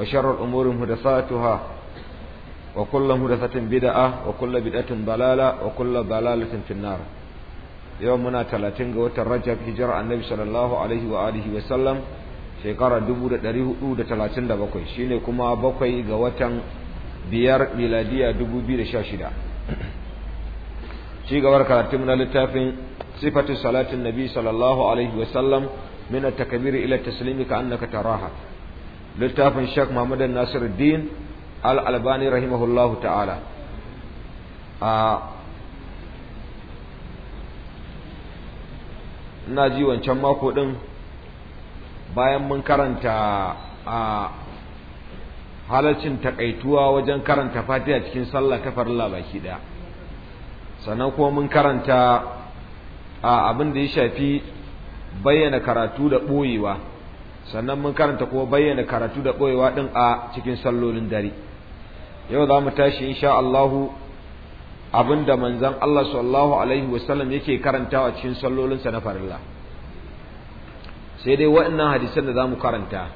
وشر الأمور مهدساتها وكل مهدسة بدعة وكل بدعة ضلالة وكل ضلالة في النار يومنا تلاتين قوة الرجب هجر النبي صلى الله عليه وآله وسلم shekara dubu da ɗari hudu da talatin da bakwai shine kuma bakwai ga watan biyar miladiya dubu biyu da sha shida ci gabar karatun na littafin sifatu salatin nabi sallallahu alaihi wasallam ka annaka taraha littafin Sheikh Muhammad Nasiruddin Al-Albani rahimahullahu ta'ala a ina ji wancan mako ɗin bayan mun karanta a halaccin takaituwa wajen karanta Fatiha cikin sallah ta farilla baki ɗaya sannan kuma mun karanta a abin da ya shafi bayyana karatu da ɓoyewa sannan mun karanta kuma bayyana karatu da ɓoyewa ɗin a cikin sallolin dare yau za mu tashi insha Allahu abinda manzon Allah sallallahu alaihi wasallam yake karantawa cikin sallolinsa na farilla sai dai waɗannan hadisan da za mu karanta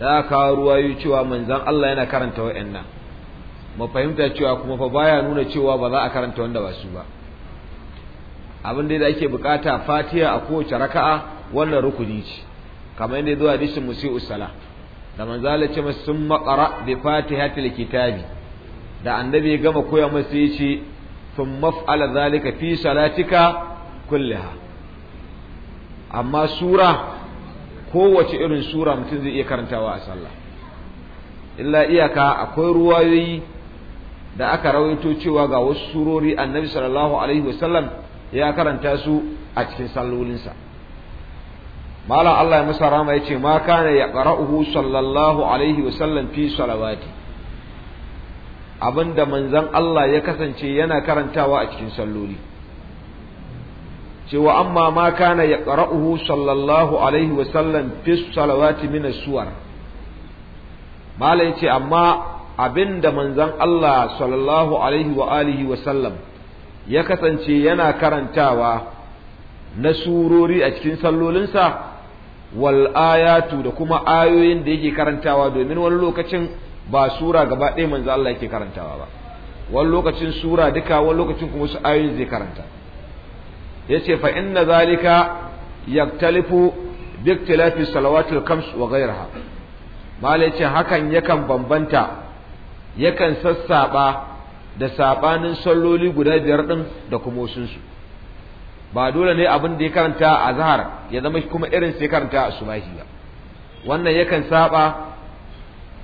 da kawo yi cewa manzon Allah yana karanta waɗannan mu fahimta cewa kuma fa baya nuna cewa ba za a karanta wanda ba su ba abin da ake bukata fatiha a kowace raka'a wannan rukuni ce kamar yadda zuwa hadisin musi'u sala da manzo Allah ce masa sun maqara bi fatihatil kitabi da annabi ya gama koya masa yace sun maf'ala zalika fi salatika kulliha amma sura kowace irin sura mutum zai iya karantawa a sallah illa iyaka akwai ruwayoyi da aka rawaito cewa ga wasu surori annabi sallallahu alaihi wasallam ya karanta su a cikin sallolinsa malam Allah ya musa rama ya ce ma kana ya qara'uhu sallallahu alaihi wasallam fi salawati abinda manzan Allah ya kasance yana karantawa a cikin salloli cewa amma ma kana ya qara'uhu sallallahu alaihi wasallam fi salawati min suwar malam ce amma abinda manzan Allah sallallahu alaihi wa alihi wasallam ya kasance yana karantawa na surori a cikin sallolinsa wal ayatu da kuma ayoyin da yake karantawa domin wani lokacin ba sura gaba ɗaya manzo Allah yake karantawa ba wani lokacin sura duka wani lokacin kuma su ayoyin zai karanta yace fa inna zalika yaktalifu bi ikhtilafi salawatil khams wa ghayriha malai ce hakan yakan bambanta yakan sassaba da sabanin salloli guda biyar din da kuma wasu ba dole ne abin da ya karanta a zahar ya zama kuma irin sai karanta a sumahi ba wannan yakan saba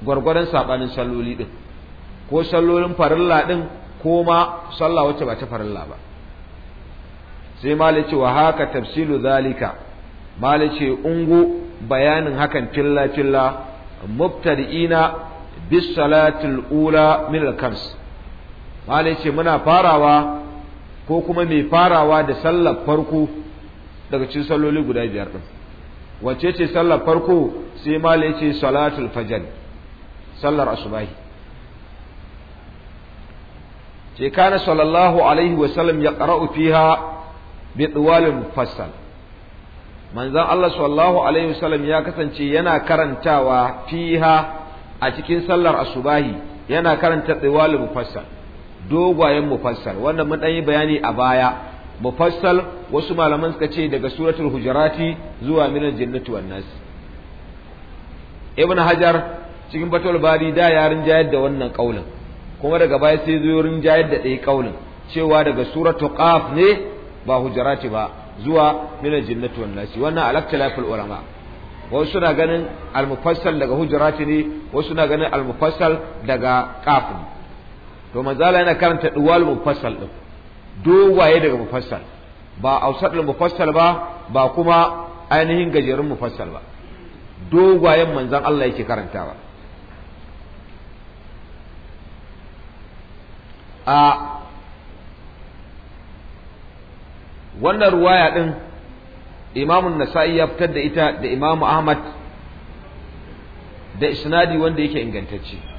gwargwaron sabanin salloli din ko sallolin farilla din ko ma sallah wacce ba ta farilla ba sai mali ce wa haka tafsilu zalika mali ce ungu bayanin hakan filla filla mubtadi'ina bis salatil ula min al-kams mali muna farawa ko kuma mai farawa da sallar farko daga cikin salloli guda biyar ɗin. wace ce sallar farko sai mala yace salatul fajr sallar asubahi ce kana sallallahu alaihi wa sallam ya qara'u fiha bi tuwalin mufassal manzon Allah sallallahu alaihi wa sallam ya kasance yana karantawa fiha a cikin sallar asubahi yana karanta tuwalin mufassal dogayen mufassal wannan mun yi bayani a baya mufassal wasu malaman suka ce daga suratul hujurati zuwa minan jannati wan nas ibn hajar cikin batul bari da yarin jayar da wannan kaulin kuma daga baya sai zo yarin da ɗaya kaulin cewa daga suratul qaf ne ba hujurati ba zuwa minan jannati wan nas wannan alaktalafil ulama wasu suna ganin al daga hujurati ne wasu na ganin al daga qaf ne to manzala yana karanta duwal mufassal din dowaye daga mufassal ba ausadul mufassal ba ba kuma ainihin gajerun mufassal ba dogwayen manzan Allah yake karantawa a wannan ruwaya din imamun nasa'i ya fitar da ita da imamu ahmad da isnadi wanda yake ingantacce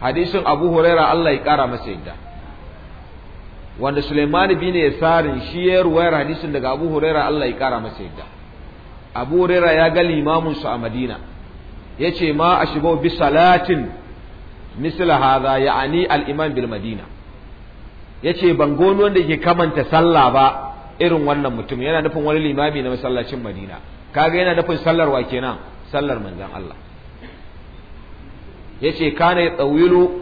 hadisin Abu Huraira Allah ya kara masa yadda wanda Sulaiman bin Yasarin shi ya ruwayar hadisin daga Abu Huraira Allah ya kara masa yadda Abu Huraira ya ga limamin su a Madina yace ma ashibau bi salatin misla hadha ya'ani al-imam bil Madina yace ban goni wanda ke kamanta sallah ba irin wannan mutum yana nufin wani limami na masallacin Madina kaga yana nufin sallar wa kenan sallar manzon Allah yace kana yatawilu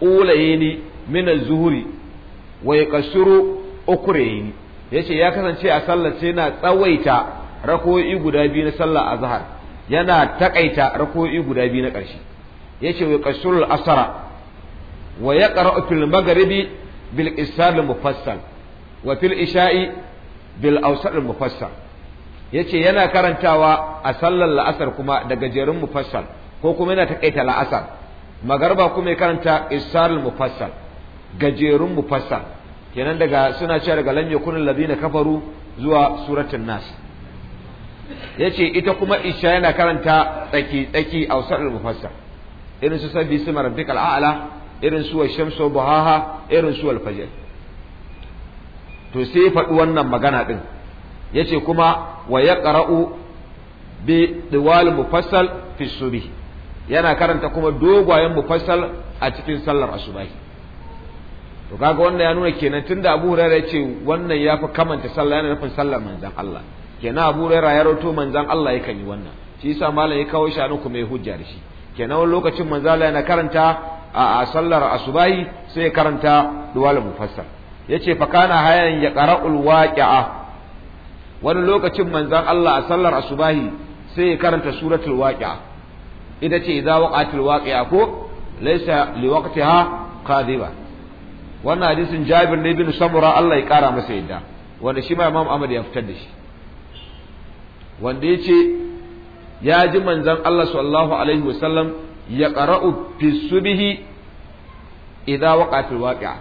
ulayni min az-zuhri wa yaqsuru ukrayni yace ya kasance a sallar sai tsawaita rako'i guda biyu na sallar azhar yana takaita rako'i guda biyu na ƙarshe yace wa yaqsuru asara wa yaqra'u fil maghribi bil isal mufassal wa fil isha'i bil awsal mufassal yace yana karantawa a sallar la'asar kuma daga gajerun mufassal ko kuma yana takaita la'asar magarba kuma ya karanta isarul mufassal gajerun mufassal kenan daga suna cewa daga lam yakun alladhina kafaru zuwa suratul nas yace ita kuma isha yana karanta tsaki tsaki ausarul mufassal irin su sabbi isma rabbikal a'la irin su washamsu buhaha irin su alfajr to sai faɗi wannan magana din yace kuma wa yaqra'u bi diwal mufassal fi subhi yana karanta kuma dogwayen mufassal a cikin sallar asubahi to kaga wannan ya nuna kenan tunda Abu Hurairah ya ce wannan ya fi kamanta sallah yana nufin sallar manzon Allah kenan Abu Hurairah ya rawaito manzon Allah yakan yi wannan shi yasa malam ya kawo shi a kuma ya hujja da shi kenan wani lokacin manzon Allah yana karanta a sallar asubahi sai ya karanta duwal mufassal yace fa kana hayan ya qara'ul waqi'a wani lokacin manzon Allah a sallar asubahi sai ya karanta suratul waqi'a ita ce idza waqatil waqi'a ko laysa liwaqtiha kadhiba wannan hadisin Jabir ne bin Samura Allah ya ƙara masa yadda wanda shi ma Imam Ahmad ya fitar da shi wanda ce ya ji manzan Allah sallallahu alaihi wasallam ya qara'u fi subhi idza waqatil waqi'a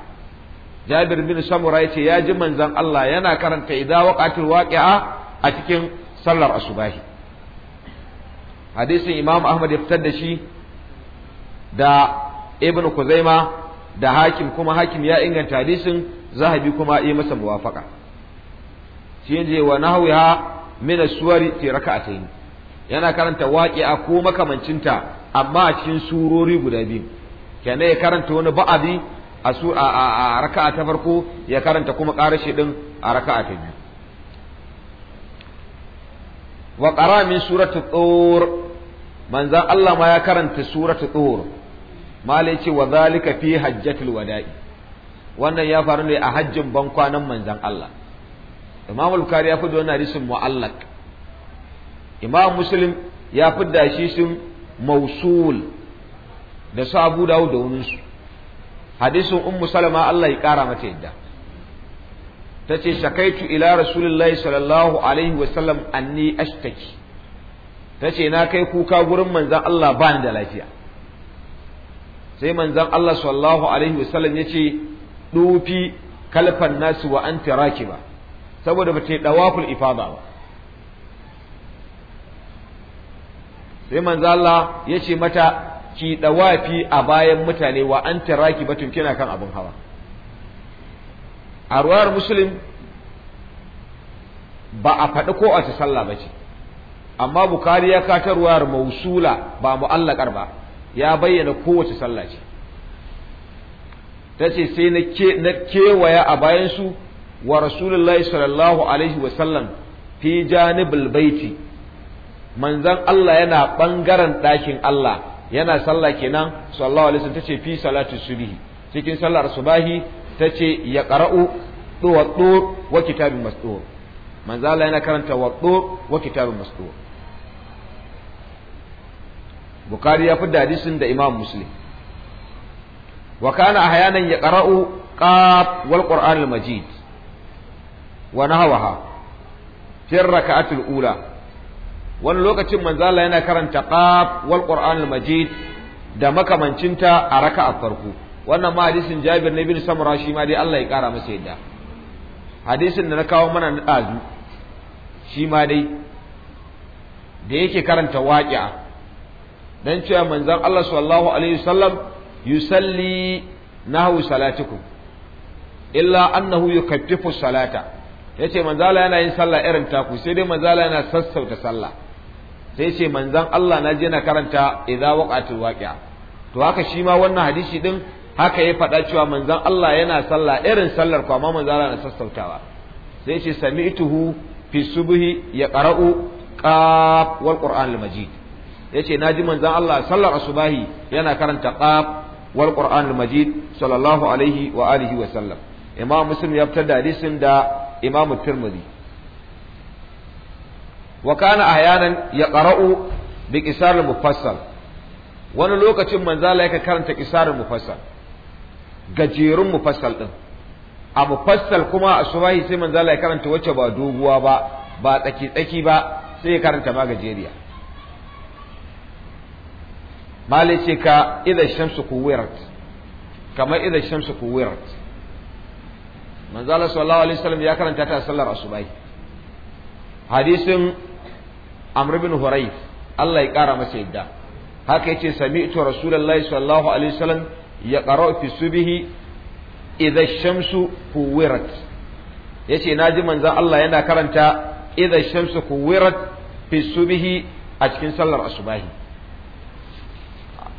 Jabir bin Samura ya ce ya ji manzan Allah yana karanta idan waƙatil waqi'a a cikin sallar asubahi hadisin imam ahmad ya fitar da shi da ibn kuzaima da hakim kuma hakim ya inganta hadisin zahabi kuma yi masa muwafaka shi ne wa nahwiha min as-suwari fi rak'atayn yana karanta waqi'a ko makamancinta amma a cikin surori guda biyu kenan ya karanta wani ba'adi a su a raka'a ta farko ya karanta kuma karashi din a raka'a ta biyu wa qara min suratul manzan Allah ma ya karanta suratul tsohor malai ce wa zalika fi hajjatul wada'i wannan ya faru ne a hajjin bankwanan manzan Allah imam al-bukhari ya fito wannan hadisin mu'allaq imam muslim ya fudda shi sun mausul da su abu dawud da wunin su hadisin ummu salama Allah ya kara mata yadda tace shakaitu ila rasulullahi sallallahu alaihi wa sallam anni ashtaki ta ce na kai kuka gurin manzan Allah ba ni da lafiya sai manzan Allah sallallahu alaihi wasallam ya ce dufi kalfan nasu wa an tiraki ba saboda ba ce dawaful ifada ba sai manzan Allah ya ce mata ki dawafi a bayan mutane wa an tiraki batun kina kan abin hawa a ruwayar muslim ba a faɗi ko a ci sallah ba ce amma bukari ya katar mausula ba mu'allakar ba ya bayyana kowace sallah ce ta ce sai na kewaya a bayansu wa rasulullahi sallallahu alaihi wa sallam fi janibul baiti manzan Allah yana ɓangaren ɗakin Allah yana sallah kenan sallallahu alaihi wasallam tace fi salatu subhi cikin sallar subahi tace ya qara'u wa wa kitabin masdur manzo Allah yana karanta wa wa kitabin masdur bukari ya fi dadi hadisin da imam muslim wa kana ahyanan qara'u qaf wal qur'an al majid wa nahwaha fi rak'at al ula wani lokacin manzo Allah yana karanta qaf wal qur'an al majid da makamancinta a raka'a farko wannan ma hadisin Jabir na bin Samura shi ma dai Allah ya kara masa yadda hadisin da na kawo mana na d'azu shi ma dai da yake karanta waqi'a dan cewa manzan Allah sallallahu alaihi wasallam yusalli nahu salatikum illa annahu yukaffifu salata yace manzala yana yin sallah irin taku sai dai manzala yana sassauta sallah sai ce manzan Allah na je na karanta idza waqatul waqi'a to haka shi ma wannan hadisi din haka ya faɗa cewa manzan Allah yana sallah irin sallar kwa amma manzala na sassautawa sai ce sami'tuhu fi subhi ya qara'u qaf wal al majid yace naji manzon Allah sallar asubahi yana karanta qaf wal qur'anul majid sallallahu alaihi wa alihi wa sallam imam muslim ya fitar da hadisin da imam tirmidhi wa kana ahyanan yaqra'u bi qisar al mufassal wani lokacin manzo Allah yake karanta qisar al mufassal gajerun mufassal din a mufassal kuma a subahi sai manzo Allah ya karanta wacce ba doguwa ba ba tsaki tsaki ba sai ya karanta ma gajeriya malai ce ka idan shamsu kuwirat kamar idan shamsu kuwirat manzo Allah sallallahu alaihi wasallam ya karanta ta sallar asubai hadisin Amr bin Hurayf Allah ya kara masa yadda haka yace sami'tu rasulullahi sallallahu alaihi wasallam ya qara fi subhi idza shamsu kuwirat yace naji manzo Allah yana karanta idan shamsu kuwirat fi subhi a cikin sallar asubahi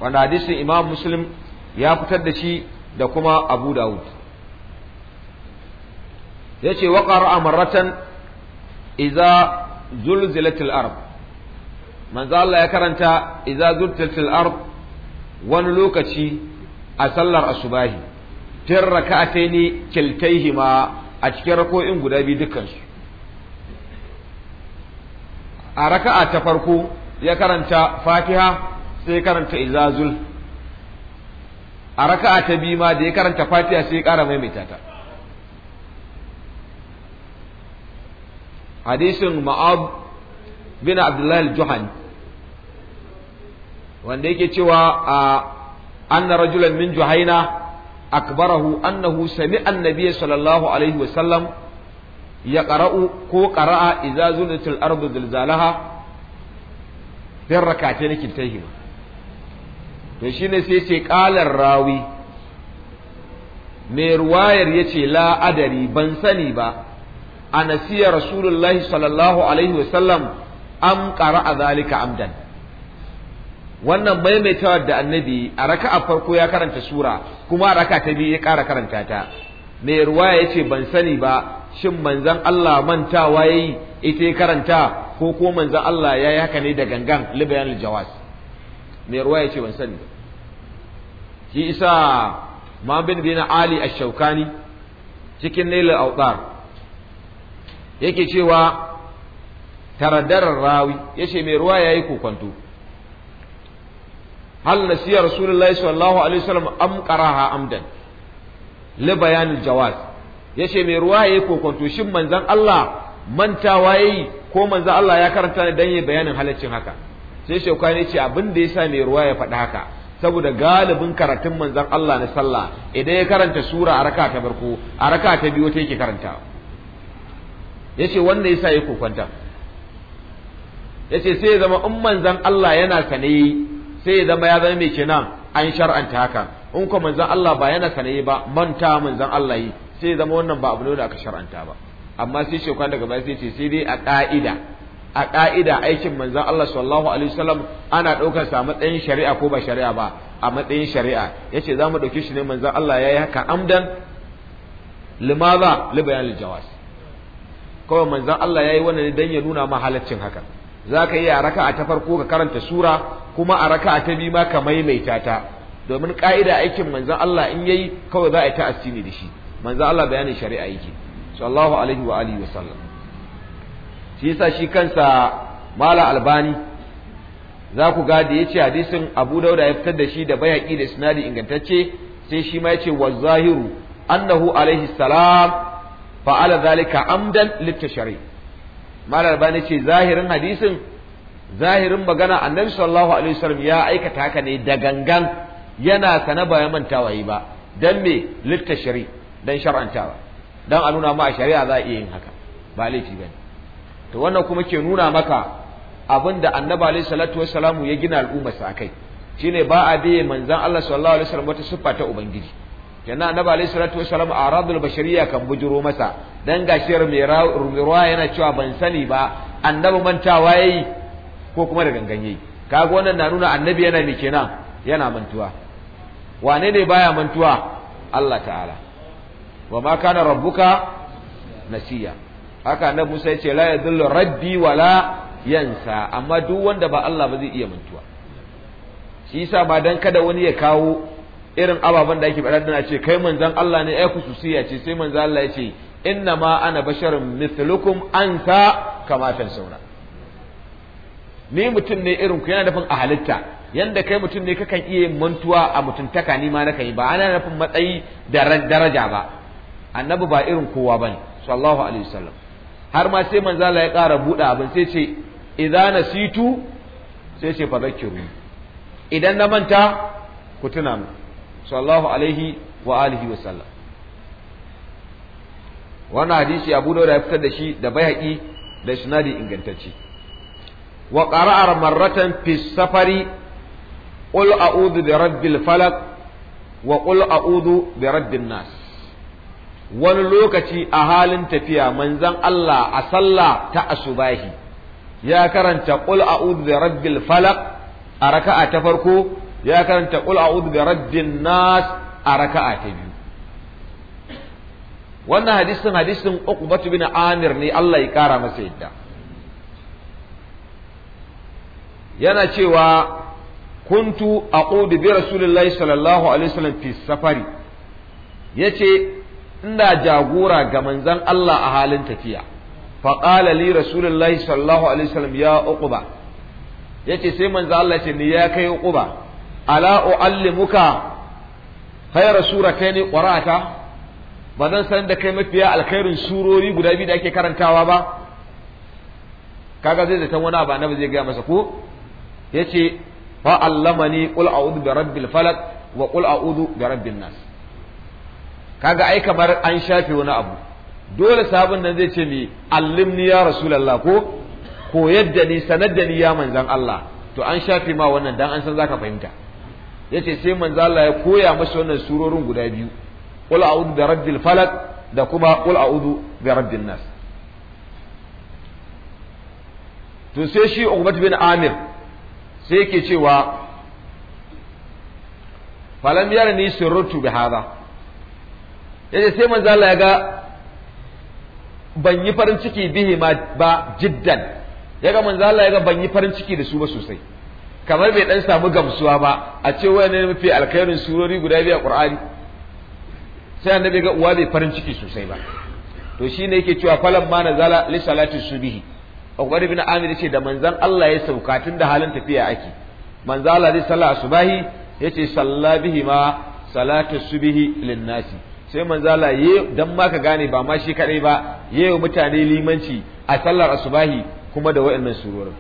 wanda hadisin imam muslim ya fitar da shi da kuma abu dawud ya ce wa amarratan iza zulzilatul arab manzo Allah ya karanta iza zulzilatul arab wani lokaci a sallar asubahi tin kiltaihi ma a cikin rako'in guda biyu dukansu a raka'a ta farko ya karanta fatiha sai karanta izazul a raka'a ta biyu ma da ya karanta fatiha sai ya ƙara maimaita ta hadisin ma'ab bin abdullahi al-juhani wanda yake cewa a anna rajulan min juhaina akbarahu annahu sami'a annabiyya sallallahu alaihi wa sallam ya qara'u ko qara'a idza zulatil ardu zilzalaha bin rakatain kintayhima to shi ne sai ce ƙalar rawi mai ruwayar ya ce la'adari ban sani ba a nasiyar rasulullahi sallallahu alaihi wasallam am a zalika amdan wannan maimaitawar da annabi a raka a farko ya karanta sura kuma a raka ta biyu ya ƙara karanta ta mai ruwaya ya ce ban sani ba shin manzan Allah mantawa ya yi ita ya karanta ko ko manzan Allah ya yi haka ne da gangan libayan jawaz mai ruwa ya ce ban sani ba shi isa ma bin bin ali ash-shawkani cikin al awtar yake cewa taraddarar rawi yace mai ruwa yayi kokonto hal nasiya rasulullahi sallallahu alaihi wasallam am qaraha amdan li al jawaz yace mai ruwa yayi kokonto shin manzon Allah mantawa yayi ko manzon Allah ya karanta ne dan yayi bayanin halaccin haka sai shekwani ce abin da sa mai ruwa ya faɗa haka saboda galibin karatun manzan Allah na sallah idan ya karanta sura a raka ta farko a raka ta biyu ta yake karanta yace wanda sa ya kokonta yace sai ya zama in manzan Allah yana sanayi sai ya zama ya zama mai kenan an shar'anta haka in ko manzan Allah ba yana sanayi ba manta manzan Allah yi sai ya zama wannan ba abu ne da aka shar'anta ba amma sai shekwan daga baya sai ce sai dai a ka'ida a ƙa'ida aikin manzan Allah sallallahu alaihi wasallam ana ɗaukar sa a matsayin shari'a ko ba shari'a ba a matsayin shari'a yace za mu ɗauki shi ne manzan Allah ya yi haka amdan limaza libayan aljawas kawai manzan Allah ya yi wannan dan ya nuna ma halaccin haka a iya a ta farko ka karanta sura kuma a raka a ta biyu ma ka maimaita ta domin ƙa'ida aikin manzan Allah in yayi kawai za a yi ta asini da shi Manzan Allah bayanin shari'a yake sallallahu alaihi wa alihi wa sallam shi yasa shi kansa mala albani za ku ga da yace hadisin abu dauda ya fitar da shi da bayaki da sinadi ingantacce sai shi ma yace wa zahiru annahu alaihi salam fa'ala zalika amdan litashari mala albani ce zahirin hadisin zahirin magana annabi sallallahu alaihi wasallam ya aikata haka ne da gangan yana sana ba ya wa yi ba dan me littashari dan shar'antawa dan a nuna ma a shari'a za a iya yin haka ba laifi bane to wannan kuma ke nuna maka abin da annabi alaihi salatu wassalamu ya gina sa kai, shine ba a biye manzon Allah sallallahu alaihi wasallam wata siffa ta ubangiji kenan annaba alaihi salatu wasallam aradul bashariya kan bujuro masa dan gashiyar mai ruwa yana cewa ban sani ba annabi mantawa yayi ko kuma da ganganye kaga wannan na nuna annabi yana ne kenan yana mantuwa wane ne baya mantuwa Allah ta'ala wa ma kana rabbuka nasiya haka na Musa ya ce la ya yadullu rabbi wala yansa amma duk wanda ba Allah ba zai iya mantuwa shi yasa ba dan kada wani ya kawo irin ababen da ake faɗa dana ce kai manzon Allah ne ai kususiya ce sai manzon Allah ya ce inna ma ana basharun mithlukum ansa kama sauna. ni mutum ne irin ku yana nufin a halitta yanda kai mutum ne kakan iya yin mantuwa a mutuntaka ni ma nakan yi ba ana nufin matsayi da daraja ba annabi ba irin kowa bane sallallahu alaihi wasallam har ma sai manzo Allah ya ƙara buɗe abin sai ce idza nasitu sai ce fa zakiru idan na manta ku tuna mu sallallahu alaihi wa alihi wa sallam wannan hadisi Abu Dawud ya fitar da shi da Baihaqi da Sunadi ingantacce wa qara'a marratan fi safari qul a'udhu bi rabbil falaq wa qul a'udhu bi rabbin nas wani lokaci a halin tafiya manzan Allah a sallah ta asubahi ya karanta qul a'udhu bi rabbil falaq a raka'a ta farko ya karanta qul a'udhu bi rabbin nas a raka'a ta biyu wannan hadisin hadisin Uqbatu bin Amir ne Allah ya kara masa yadda yana cewa kuntu aqudu bi rasulillahi sallallahu alaihi wasallam fi safari yace ina jagora ga manzon Allah a halin tafiya fa qala li rasulullahi sallallahu alaihi wasallam ya uquba yace sai manzon Allah ce ni ya kai uquba ala uallimuka khayra ne qara'ata ba zan san da kai mafiya alkhairin surori guda biyu da ake karantawa ba kaga zai zaton wani abu annabi zai gaya masa ko yace fa allamani qul a'udhu bi rabbil falaq wa qul a'udhu bi rabbin nas kaga ai kamar an shafe wani abu dole sabon nan zai ce mi allimni ya rasulullah ko koyar da ni sanar da ni ya manzan Allah to an shafe ma wannan dan an san zaka fahimta yace sai manzo Allah ya koya masa wannan surorin guda biyu qul a'udhu bi rabbil falaq da kuma qul a'udhu bi rabbin nas to sai shi Uqbat bin Amir sai yake cewa falam yarani sirrutu bi hadha yace sai manzo Allah ya ga ban yi farin ciki bihi ma ba jiddan ya ga manzo Allah ya ga ban yi farin ciki da su ba sosai kamar bai dan samu gamsuwa ba a ce ne mafi alkhairin surori guda biyu a Qur'ani sai annabi ga uwa bai farin ciki sosai ba to shine yake cewa falan ma nazala li salati subhi Abu ibn Amir yace da manzon Allah ya sauka tun da halin tafiya ake manzo Allah ya salla subahi yace salla bihi ma salatu subhi lin nasi sai manzala ye dan ma ka gane ba ma shi kadai ba ya yi mutane limanci a sallar asubahi kuma da wayannan surorin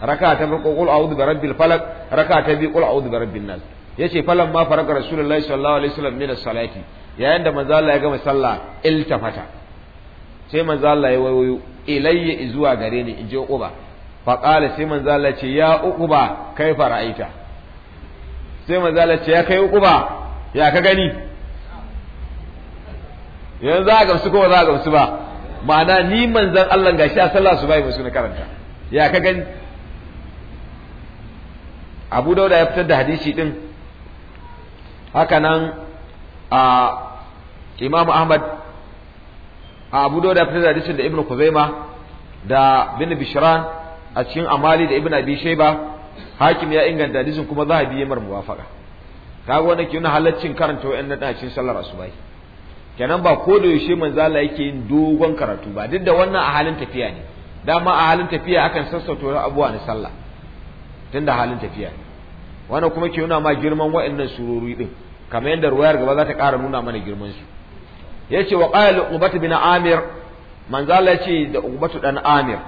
raka ta farko qul a'udhu bi rabbil falaq raka ta bi qul a'udhu bi rabbin nas yace falan ma faraka rasulullahi sallallahu alaihi wasallam min as-salati yayin da manzala ya gama sallah iltafata sai manzala ya wayo ilayya zuwa gare ni in je uba faƙala sai manzala ce ya uquba kai fara'aita sai manzala ce ya kai uquba ya ka gani yanzu za a gamsu kowa za a gamsu ba ma'ana ni manzan Allah gashi a sallah su bai musu na karanta ya ka gani Abu Dauda ya fitar da hadisi din haka nan a Imam Ahmad a Abu Dauda ya fitar da hadisin da Ibn Kuzaima da Bin Bishran a cikin Amali da Ibn Abi Shayba hakim ya inganta hadisin kuma zahabi ya marmuwafaka kaga wannan ke na halaccin karanta wa'annan cikin sallar asubai kenan ba ko da yaushe Manzala yake yin dogon karatu ba duk da wannan a halin tafiya ne dama a halin tafiya akan sassauta abuwa na sallah tunda halin tafiya ne wannan kuma ke nuna ma girman wa'annan surori din kamar yadda ruwayar gaba za ta ƙara nuna mana girman su yace wa qala ubatu bin amir Manzala yace da ubatu dan amir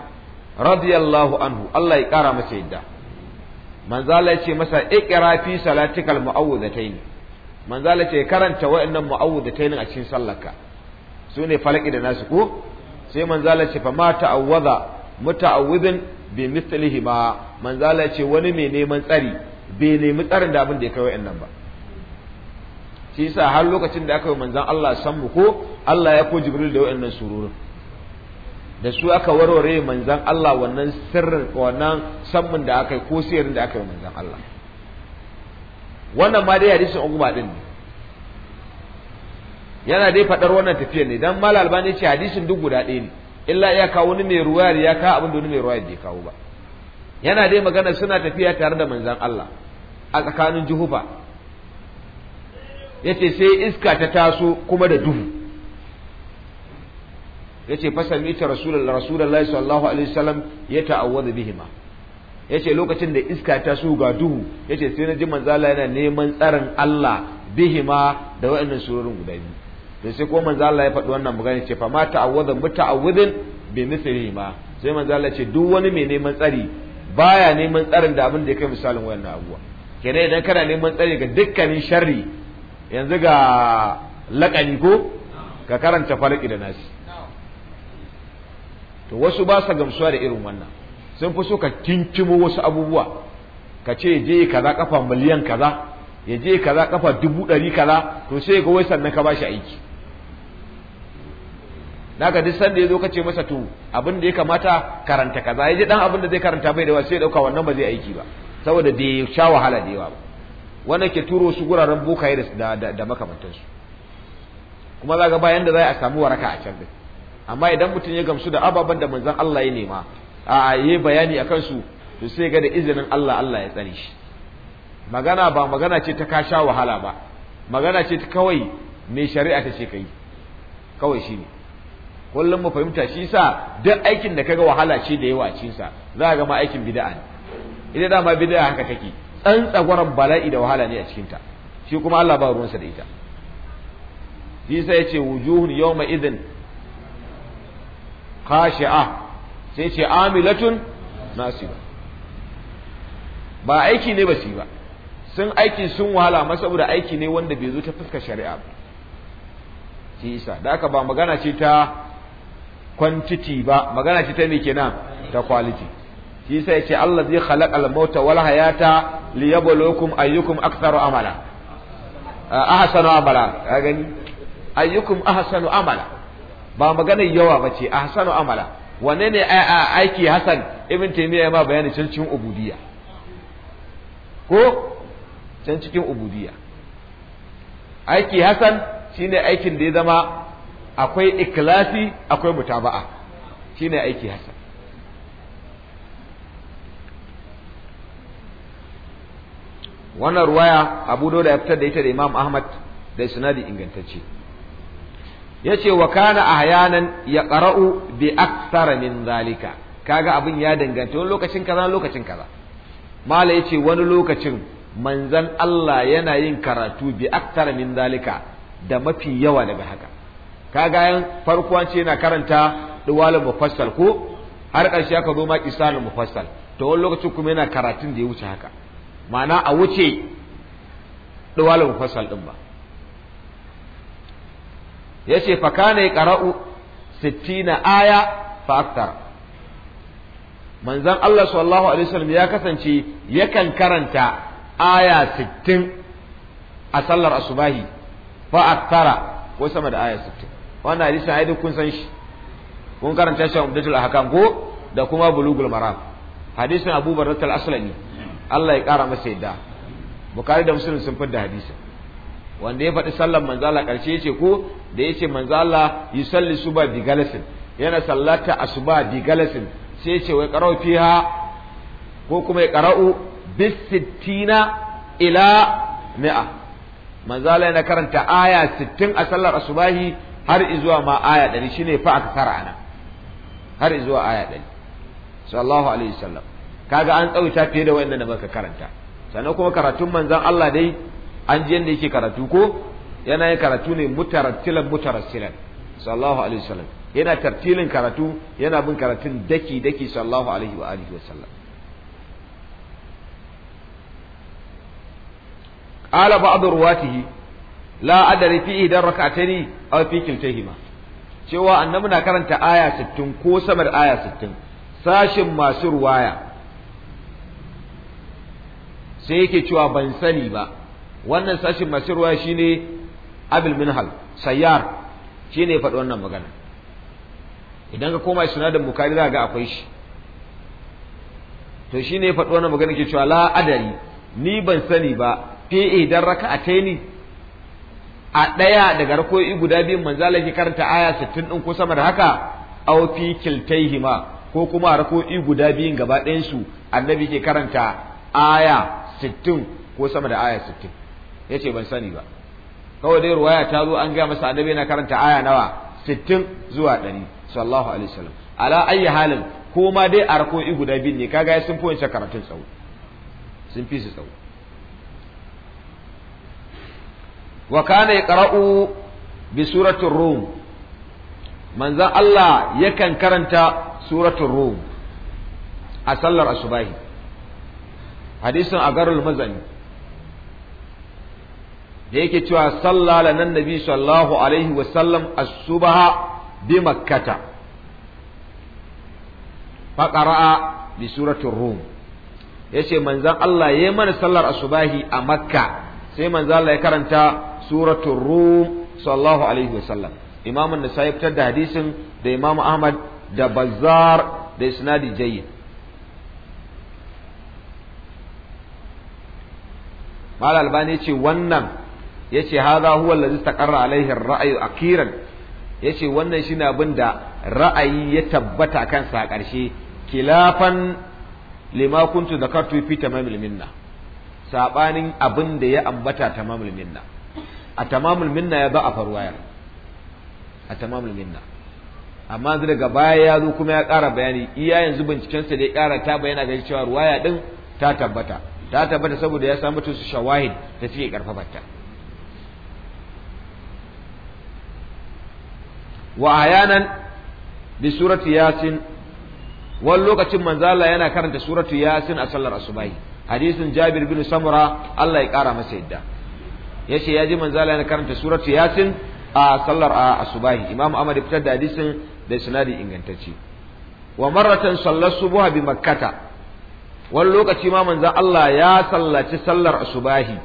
radiyallahu anhu Allah ya kara masa yadda Manzala Allah yace masa iqra fi salatikal mu'awwidhatayn manzala ce karanta wa'annan mu'awwidatayn a cikin sallarka su ne falaki da nasu ko sai manzala ce fa ma awwaza muta'awwidin bi mithlihi ma manzala ce wani mai neman tsari bai nemi tsarin da abin da ya kai wa'annan ba shi yasa har lokacin da aka yi manzan Allah san mu ko Allah ya ko Jibril da wa'annan sururin da su aka warware manzan Allah wannan sirrin wannan sammun da aka yi ko sirrin da aka yi manzan Allah wannan ma dai hadisin unguma din ne yana dai faɗar wannan tafiyar ne dan mal albani ce hadisin duk guda ɗaya ne illa ya kawo ni mai ruwayar ya kawo abin da wani mai ruwayar bai kawo ba yana dai magana suna tafiya tare da manzon Allah a tsakanin juhufa yace sai iska ta taso kuma da duhu yace fasami ta rasulullahi sallallahu alaihi wasallam ya ta'awwadu bihima yace lokacin da iska ta so ga duhu yace sai na ji manzala yana neman tsarin Allah bihima da wa'annan surorin guda biyu sai ko manzala ya faɗi wannan magana ce fa ma muta muta'awwidin bi mithlihima sai manzala ya ce duk wani mai neman tsari baya neman tsarin da abin da ya kai misalin wayannan abubuwa kenan idan kana neman tsari ga dukkanin sharri yanzu ga laƙani ko ka karanta falaki da nasi to wasu ba sa gamsuwa da irin wannan sun fi so ka kinkimo wasu abubuwa ka ce je kaza kafa miliyan kaza ya je kaza kafa dubu ɗari kaza to sai ga wai sannan ka bashi aiki Na ga duk sanda ya zo ka ce masa to abin da ya kamata karanta kaza ya je dan abin da zai karanta bai da wasu sai ya dauka wannan ba zai aiki ba saboda da ya sha wahala da yawa ba wannan ke turo su guraren bokaye da da, da makamantansu kuma za ga bayan da za a samu waraka a can din amma idan mutum ya gamsu da ababen da manzan Allah ya nema a yi bayani a kansu to sai ga da izinin Allah Allah ya tsare shi magana ba magana ce ta ka sha wahala ba magana ce ta kawai mai shari'a ta ce ka yi kawai shi ne kullum mu fahimta shi sa duk aikin da kaga wahala ce da yawa a cikinsa za a gama aikin bida'a ne ita dama bida'a haka take tsantsagwaran bala'i da wahala ne a cikinta shi kuma Allah ba ruwansa da ita shi sai ya ce wujuhun yawma idin khashi'a sai ce amilatun nasiba ba aiki ne ba su ba sun aiki sun wahala amma saboda aiki ne wanda bai zo ta fuskar shari'a ba shi isa da aka ba magana ce ta quantity ba magana ce ta me kenan ta quality shi isa ce Allah zai al mauta wal hayata liyabluwakum ayyukum aktharu amala ahsanu amala ka gani ayyukum ahsanu amala ba magana yawa bace ahsanu amala wanne ne aiki hasan ibn taimiyya ya ma bayani can cikin ubudiya? ko can cikin ubudiya? aiki hasan shine aikin da ya zama akwai Ikilasi, akwai mutaba'a shine aiki hasan wannan ruwaya abu da ya fitar da ita da imam ahmad da sinadi ingantacce yace wa kana ahyanan yaqra'u bi akthara min zalika kaga abin ya danganta wani lokacin kaza lokacin kaza mala yace wani lokacin manzan Allah yana yin karatu bi akthara min zalika da mafi yawa daga haka kaga yan farko an ce yana karanta duwalul mufassal ko har karshe aka zo ma kisanul mufassal to wani lokacin kuma yana karatun da ya wuce haka ma'ana a wuce duwalul mufassal din ba yace fa kana yaqra'u 60 aya fa akthar manzan Allah sallallahu alaihi wasallam ya kasance yakan karanta aya 60 a sallar asubahi fa akthara ko sama da aya 60 wannan hadisi ai duk kun san shi kun karanta shi a Umdatul Ahkam ko da kuma Bulugul Maram hadisin Abu Barrat aslami Allah ya kara masa yadda Bukhari da Muslim sun fidda hadisin wanda ya faɗi sallar manzala ƙarshe ya ce ko da ya ce manzala yi salli suba bi galasin yana sallata suba bi galasin sai ya ce wai ƙarau fiha ko kuma ya ƙarau bisittina ila mi'a manzala yana karanta aya sittin a sallar asubahi har izuwa ma aya ɗari shine fa aka tara ana har izuwa aya ɗari sallallahu alaihi wasallam kaga an tsawaita fiye da wanda da baka karanta sannan kuma karatun manzan Allah dai an ji yadda yake karatu ko yana yin karatu ne mutarattilan mutarattilan sallallahu alaihi wasallam yana tartilin karatu yana bin karatun daki daki sallallahu alaihi wa alihi wasallam qala ba'd ruwatihi la adri fi idan rak'ataini aw fi kiltahima cewa annabi na karanta aya 60 ko samar aya 60 sashin masu ruwaya sai yake cewa ban sani ba wannan sashin masu ruwa shine abil minhal sayyar shine faɗi wannan magana idan ka koma sinadin bukari za ga akwai shi to shine faɗi wannan magana ke cewa la adari ni ban sani ba fi idan a taini a ɗaya daga rakoyi guda biyun manzala ke karanta aya sittin ɗin ko sama da haka au fi kiltaihima ko kuma a rakoyi guda biyun gaba ɗayansu annabi ke karanta aya sittin ko sama da aya sittin ya ce ban sani ba kawai dai ruwaya ta zo an gaya masa annabi yana karanta aya nawa sittin zuwa ɗari sallallahu alaihi wasallam ala ayyi halin ko ma dai a i guda biyu ne kaga sun fi karatun tsawo sun fi su tsawo wa kana yaqra'u bi suratul rum manzon Allah yakan karanta suratul rum a sallar asubahi hadisin agarul mazani da yake cewa sallala nan nabi sallallahu alaihi wa sallam as-subha bi makkata fa bi suratul rum yace manzon Allah yayi mana sallar asubahi a makka sai manzon Allah ya karanta suratul rum sallallahu alaihi wa sallam imam an-nasai fitar da hadisin da imam ahmad da bazzar da isnadi jayyid mal albani ce wannan yace hadha huwa allazi taqarra alaihi ar-ra'yu akiran yace wannan shine abin da ra'ayi ya tabbata kansa a ƙarshe kilafan lima kuntu zakartu fi tamamil minna sabanin abin da ya ambata tamamul minna a tamamul minna ya ba a farwayar a tamamul minna amma yanzu daga baya ya zo kuma ya ƙara bayani iya yanzu bincikensa da ya ƙara ta bayyana ga cewa ruwaya din ta tabbata ta tabbata saboda ya samu su shawahid da suke karfafarta wa ayanan bi surati yasin wani lokacin manzala yana karanta suratu yasin a sallar asubahi hadisin jabir bin samura Allah ya kara masa yadda yace ya ji manzala yana karanta suratu yasin a sallar a asubahi imam ahmad fitar da hadisin da sinadi ingantacce wa marratan sallar subuha bi makkata wani lokaci ma manzan Allah ya sallaci sallar asubahi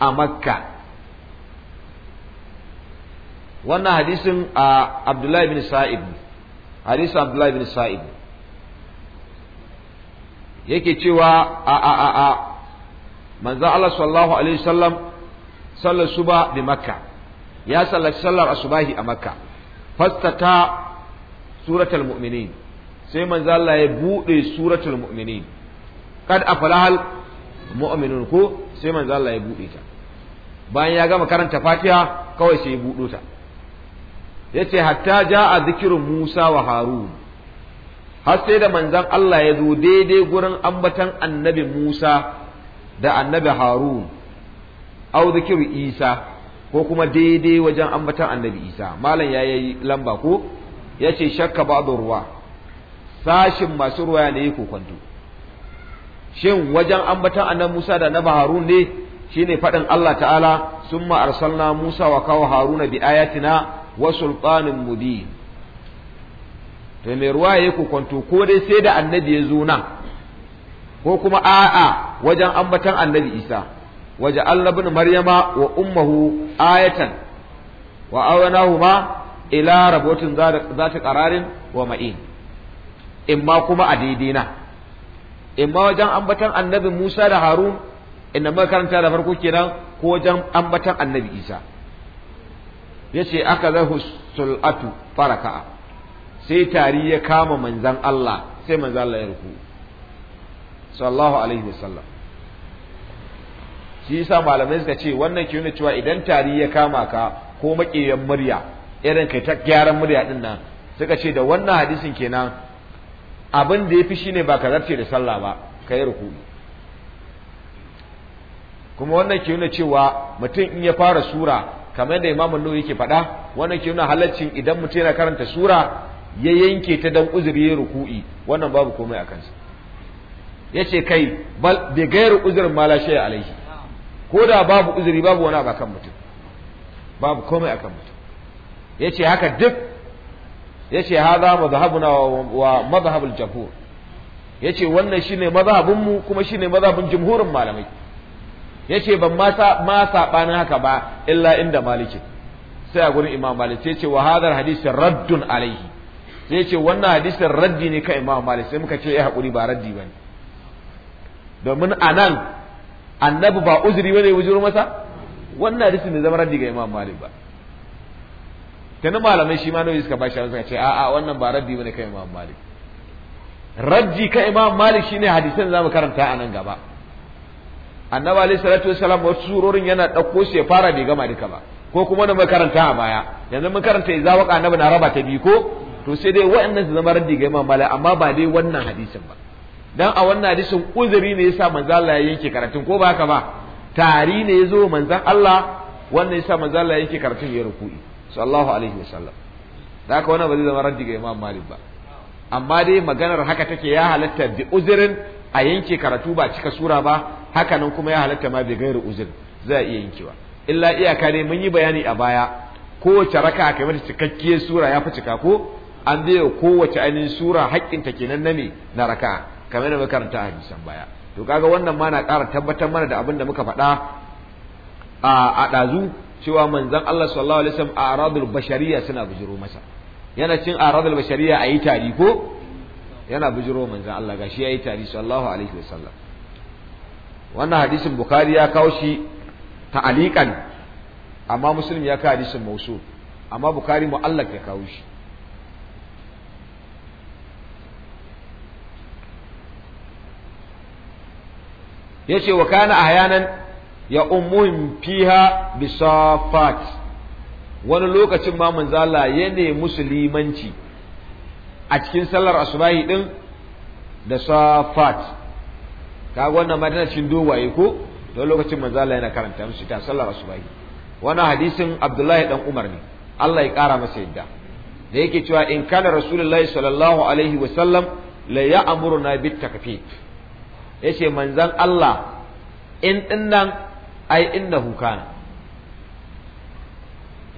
a makka wannan hadisin a abdullahi bin sa'ib hadisin abdullahi bin sa'ib yake cewa a a a a manzo Allah sallallahu alaihi wasallam sallar suba bi makka ya sallaci sallar asubahi a makka fastata suratul mu'minin sai manzo Allah ya bude suratul mu'minin kad aflahal mu'minun ko sai manzo Allah ya bude ta bayan ya gama karanta fatiha kawai sai ya budo ta yace hatta a zikirin Musa wa Harun har sai da manzan Allah ya zo daidai gurin ambatan annabi Musa da annabi Harun au zikirin Isa ko kuma daidai wajen ambatan annabi Isa malam ya yi lamba ko yace shakka ba'dur ruwa sashin masu ruwa ne ko kwanto shin wajen ambatan annabi Musa da annabi Harun ne shine faɗin Allah ta'ala sun arsalna Musa wa kawo Haruna bi ayatina wa sultanin mubin to mai ruwa ya ku kwanto ko dai sai da annabi ya zo nan ko kuma a'a wajen ambatan annabi isa waje allabin maryama wa ummahu ayatan wa ma ila rabotin za ta kararin wa ma'in ma kuma a daidai na In ma wajen ambatan annabi musa da harun inda makaranta da farko kenan ko wajen ambatan annabi isa yace zahu sul'atu faraka sai tari ya kama manzan Allah sai manzan Allah ya ruku sallallahu alaihi wasallam shi yasa malamai suka ce wannan ke nuna cewa idan tari ya kama ka ko makiyan murya irin kai ta gyaran murya din nan suka ce da wannan hadisin kenan abin da shi ne ba ka zarce da sallah ba kai ruku kuma wannan ke nuna cewa mutum in ya fara sura kamar da imamu nuhu yake faɗa wannan ke nuna halaccin idan mutum yana karanta sura ya yanke ta dan uzuri ya ruku'i wannan babu komai a kansa ce kai bal bai gairu uzurin ma la ya alaihi ko da babu uzuri babu wani abu akan mutum babu komai akan mutum Ya ce haka duk ya ce mu zahabu na wa madhhabul Ya ce wannan shine mazhabinmu kuma shine mazhabin jumhurin malamai yace ban ma ma sabanin haka ba illa inda maliki sai a gurin imam malik sai ce wa hadar hadisin raddun alaihi sai yace wannan hadisin raddi ne kan imam malik sai muka ce ya eh, hakuri ba raddi bane domin anan annabi ba uzuri bane wujur masa wannan hadisin ne zama raddi ga imam malik ba tana malamai shi ma nawa suka bashi suka ce a'a wannan ba raddi bane kan imam malik raddi kan imam malik shine hadisan zamu karanta a nan gaba annabi alaihi salatu wasalam wasu surorin yana ɗauko su ya fara bai gama duka ba ko kuma na makaranta a baya yanzu mun karanta idza waqa annabi na raba ta bi ko to sai dai waɗannan su zama raddi ga imam malik amma ba dai wannan hadisin ba dan a wannan hadisin uzuri ne yasa manzo Allah ya yanke karatun ko ba haka ba tari ne yazo manzo Allah wannan yasa manzo Allah ya yanke karatun ya ruku'i sallallahu alaihi wasallam da haka wannan ba zai zama raddi ga imam malik ba amma dai maganar haka take ya halatta bi uzurin a yanke karatu ba cika sura ba nan kuma ya halatta ma bai gairu uzur za a iya yankewa illa iyaka ne mun yi bayani a baya kowace raka kai mata cikakkiyar sura ya fi cika ko an biya kowace ainihin sura haƙƙinta kenan na me na raka kamar da makaranta a bisan baya to kaga wannan ma na ƙara tabbatar mana da abin da muka faɗa a ɗazu cewa manzon Allah sallallahu alaihi wasallam a aradul bashariya suna bujuro masa yana cin aradul bashariya a yi tari ko yana bijiro manzon Allah gashi yayi tari sallallahu alaihi wasallam wannan hadisin bukhari ya kawo shi ta'aliqan amma muslim ya kawo hadisin mausul amma bukhari mu'allaq ya kawo shi yace wa kana ahyanan ya ummuhum fiha bisafat wani lokacin ma manzala ya ne musulmanci a cikin sallar asubahi din da safat ka wannan ma tana cikin ko don lokacin Manzala yana karanta musu ta sallar asubahi wannan hadisin Abdullahi dan Umar ne Allah ya kara masa yadda da yake cewa in kana rasulullahi sallallahu alaihi wa sallam la ya'muruna bit takfit yace Manzan Allah in din nan ai innahu kana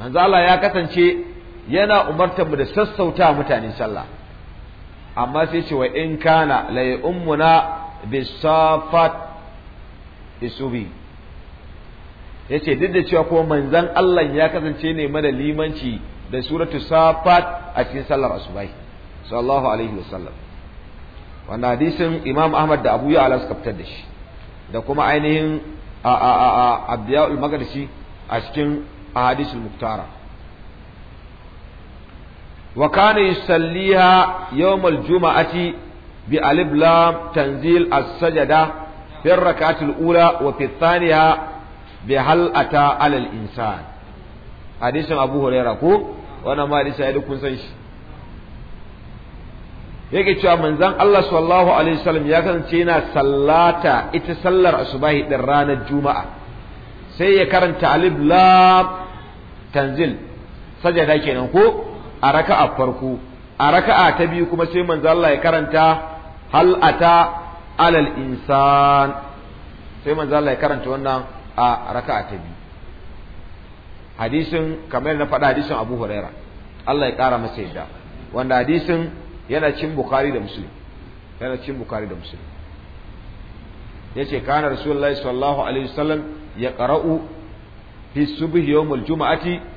manzo Allah ya kasance yana umartar mu da sassauta mutane sallah amma sai ce wa in kana la ummuna bisafat isubi yace duk da cewa ko manzon Allah ya kasance ne mana limanci da suratu safat a cikin sallar asubai sallallahu alaihi wasallam hadisin Imam Ahmad da Abu Ya'la suka da shi da kuma ainihin a a a abdiyaul magadishi a cikin ahadisul muktara wa kana yusalliha yawmal juma'ati bi alif lam tanzil as-sajada fi rakatil ula wa fi thaniya bi alal insan hadisin abu huraira ko wannan ma hadisi ai kun san shi yake cewa manzon Allah sallallahu alaihi wasallam ya kasance yana sallata ita sallar asubahi din ranar juma'a sai ya karanta alif lam tanzil sajada kenan ko a raka'a farko a raka'a ta biyu kuma sai manzo Allah ya karanta hal ata alal insan sai manzo Allah ya karanta wannan a raka'a ta biyu hadisin kamar na faɗa hadisin Abu Huraira Allah ya ƙara masa yadda wanda hadisin yana cin Bukhari da Muslim yana cin Bukhari da Muslim yace kana Rasulullahi sallallahu alaihi wasallam ya qara'u fi subhi yawmul juma'ati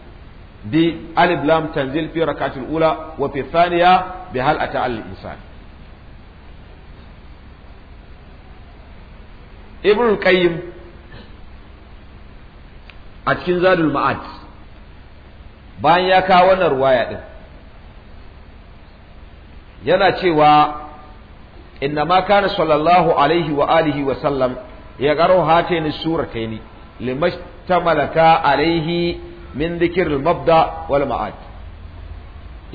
بألف لام تنزيل في ركعة الأولى وفي الثانية بهل أتى على الإنسان ابن a cikin زاد ma'ad bayan ya kawo wannan ruwaya din yana cewa ma kana sallallahu alaihi wa alihi wa sallam ya garo hataini surataini limastamalaka alaihi min dhikr mabda wal ma'ad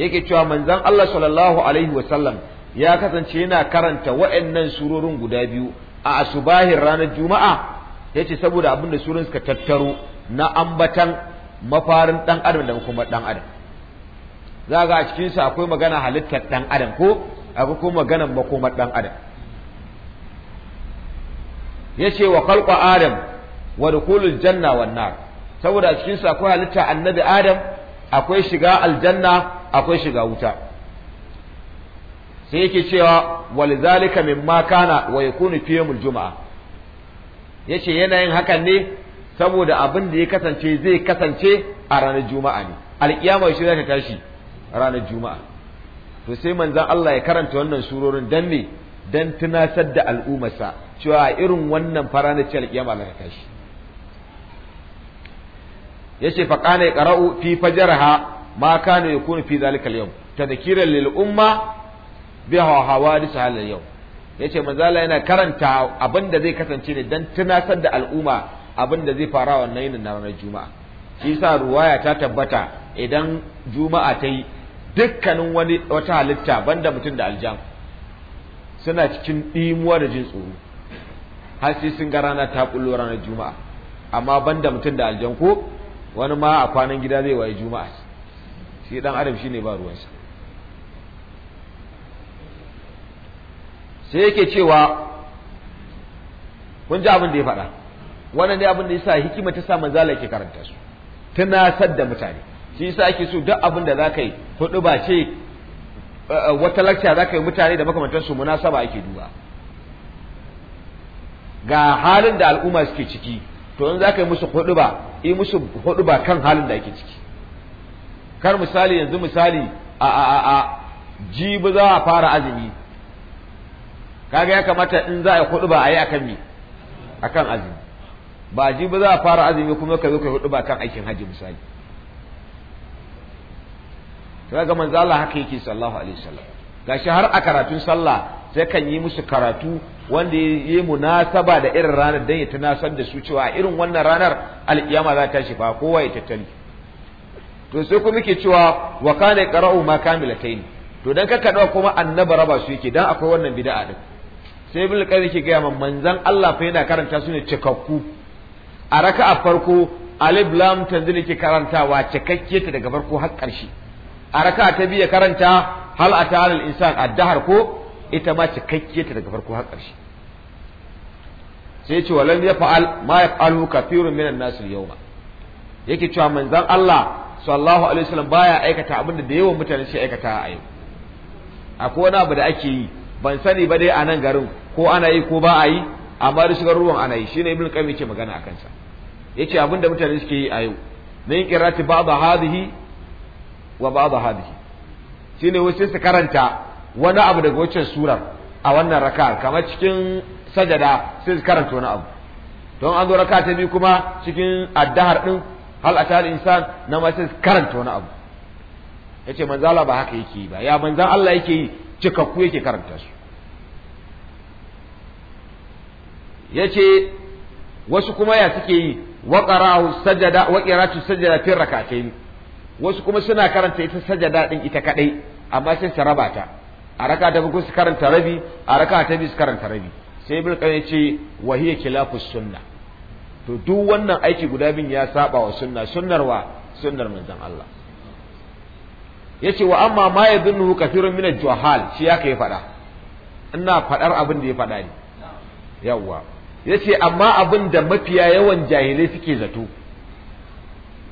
yake cewa manzon Allah sallallahu alaihi wasallam ya kasance yana karanta wa'annan surorin guda biyu a asubahin ranar juma'a yace saboda abin da surorin suka tattaro na ambatan mafarin dan adam da kuma dan adam za ga a cikinsu akwai magana halittar dan adam ko akwai kuma magana makomar dan adam ya wa khalqa adam wa dukulul janna wan nar saboda a cikinsu akwai halitta annabi adam akwai shiga aljanna akwai shiga wuta sai yake cewa walzalika mimma kana wa yakunu fi juma'a yace yin hakan ne saboda abin da ya kasance zai kasance a ranar juma'a ne alkiyama shi zaka tashi ranar juma'a to sai manzon Allah ya karanta wannan surorin dan me dan tunasar da al'ummarsa cewa irin wannan fara na ce alkiyama zaka tashi yace fa qala yaqra'u fi fajarha ma kana yakunu fi zalika al-yawm tadhkiran lil umma biha hawadis hal al-yawm yace manzala la yana karanta abinda zai kasance ne dan tunasar da al'umma abinda zai fara wannan yinin na ranar juma'a shi yasa ruwaya ta tabbata idan juma'a ta yi dukkanin wani wata halitta banda mutum da aljan suna cikin ɗimuwa da jin tsoro har sai sun ga rana ta bullo ranar juma'a amma banda mutum da aljan ko wani ma a kwanan gida zai waye juma'a shi dan adam shine ba ruwansa sai yake cewa kun ji abin da ya faɗa wannan ne abin da yasa hikima ta sa manzala yake karanta su tana sadda mutane shi yasa ake so duk abin da zaka yi hudu ba ce eh, wata lakca zaka yi mutane da makamantar su munasaba ake duba ga halin da al'umma suke ciki to in zaka yi musu ba yi musu ba kan halin da ake ciki kar misali yanzu misali a a a a jibi za a fara azumi kaga ya kamata in za a ba a yi akan a kan azumi ba jibi za a fara azumi kuma ka zo ka ba kan aikin haji misali kaga manzo Allah haka yake sallallahu alaihi wasallam gashi har a karatun sallah sai kan yi musu karatu wanda ya yi munasaba da irin ranar dan ya tunasar da su cewa irin wannan ranar alkiyama za ta shi fa kowa ya tattali to sai kuma muke cewa wa kana qara'u ma kamilatayn to dan ka dawa kuma annabi raba su yake dan akwai wannan bid'a din sai ibn qayyim yake ga man manzon Allah fa yana karanta su ne cikakku a raka'a farko alif lam tanzil yake karantawa cikakke ta daga farko har karshe? a raka'a ta biyu karanta hal atal al insan ad-dahr ko ita ma cikakkiyar ta daga farko har ƙarshe sai ya ce walam ya fa'al ma yaf'alu kafirun minan nas al-yawma yake cewa manzon Allah sallallahu alaihi wasallam baya aikata abin da yawan mutane shi aikata a yau akwai wani abu da ake yi ban sani ba dai a nan garin ko ana yi ko ba a yi amma da shigar ruwan ana yi shine ibn qayyim yake magana akan sa yace abinda da mutane suke yi a yau na yin qirati ba'da hadhihi wa ba'da hadhihi shine wasu su karanta wani abu daga waccan surar a wannan raka kamar cikin sajada sai su karanta wani abu don an zo raka ta biyu kuma cikin addahar din hal a tare insan na ma sai su karanta wani abu ya ce manzala ba haka yake yi ba ya manzan Allah yake yi cikakku yake karanta su ya ce wasu kuma ya suke yi wa sajada wa qiratu sajada fi rak'atayn wasu kuma suna karanta ita sajada din ita kadai amma sai su raba ta a raka ta bugu su karanta rabi a raka ta biyu su karanta rabi sai ibn qayyim ce wa hiya sunna to duk wannan aiki guda bin ya saba wa sunna sunnar wa sunnar manzon Allah yace wa amma ma yadunnu kathirun min al-juhal shi yake faɗa ina faɗar abin da ya faɗa ne yawwa yace amma abin da mafiya yawan jahilai suke zato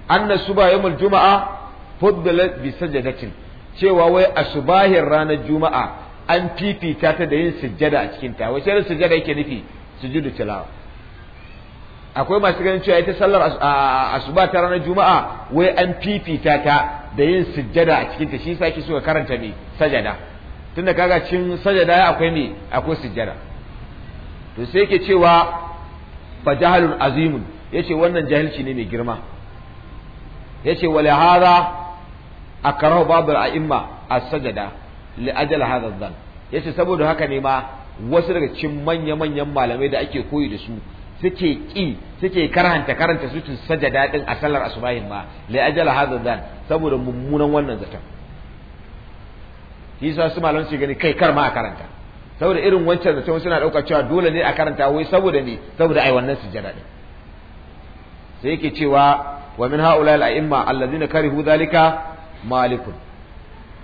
anna suba yawmul juma'a fuddalat bi sajadatin cewa wai asubahin ranar juma'a an fifita ta da yin sujjada a cikin ta wace irin sujjada yake nufi sujudu tilawa akwai masu ganin cewa ita sallar asuba ta ranar juma'a wai an fifita ta da yin sujjada a cikin ta shi yasa yake suka karanta me sajada tunda kaga cikin sajada akwai me akwai sujjada to sai yake cewa ba jahalun azimun yace wannan jahilci ne mai girma yace wala hada akarahu babu a'imma as-sajada li ajal hadha dhan yace saboda haka ne ma wasu daga cikin manya-manyan malamai da ake koyi da su suke ki suke karanta karanta sutun sajada din a sallar asubahin ma li ajal hadha dhan saboda mummunan wannan zaton yasa su malamai su gani kai kar ma a karanta saboda irin wancan zaton suna dauka cewa dole ne a karanta wai saboda ne saboda ai wannan sujada din sai yake cewa wa min ha'ula al-a'imma alladhina karihu dhalika malikun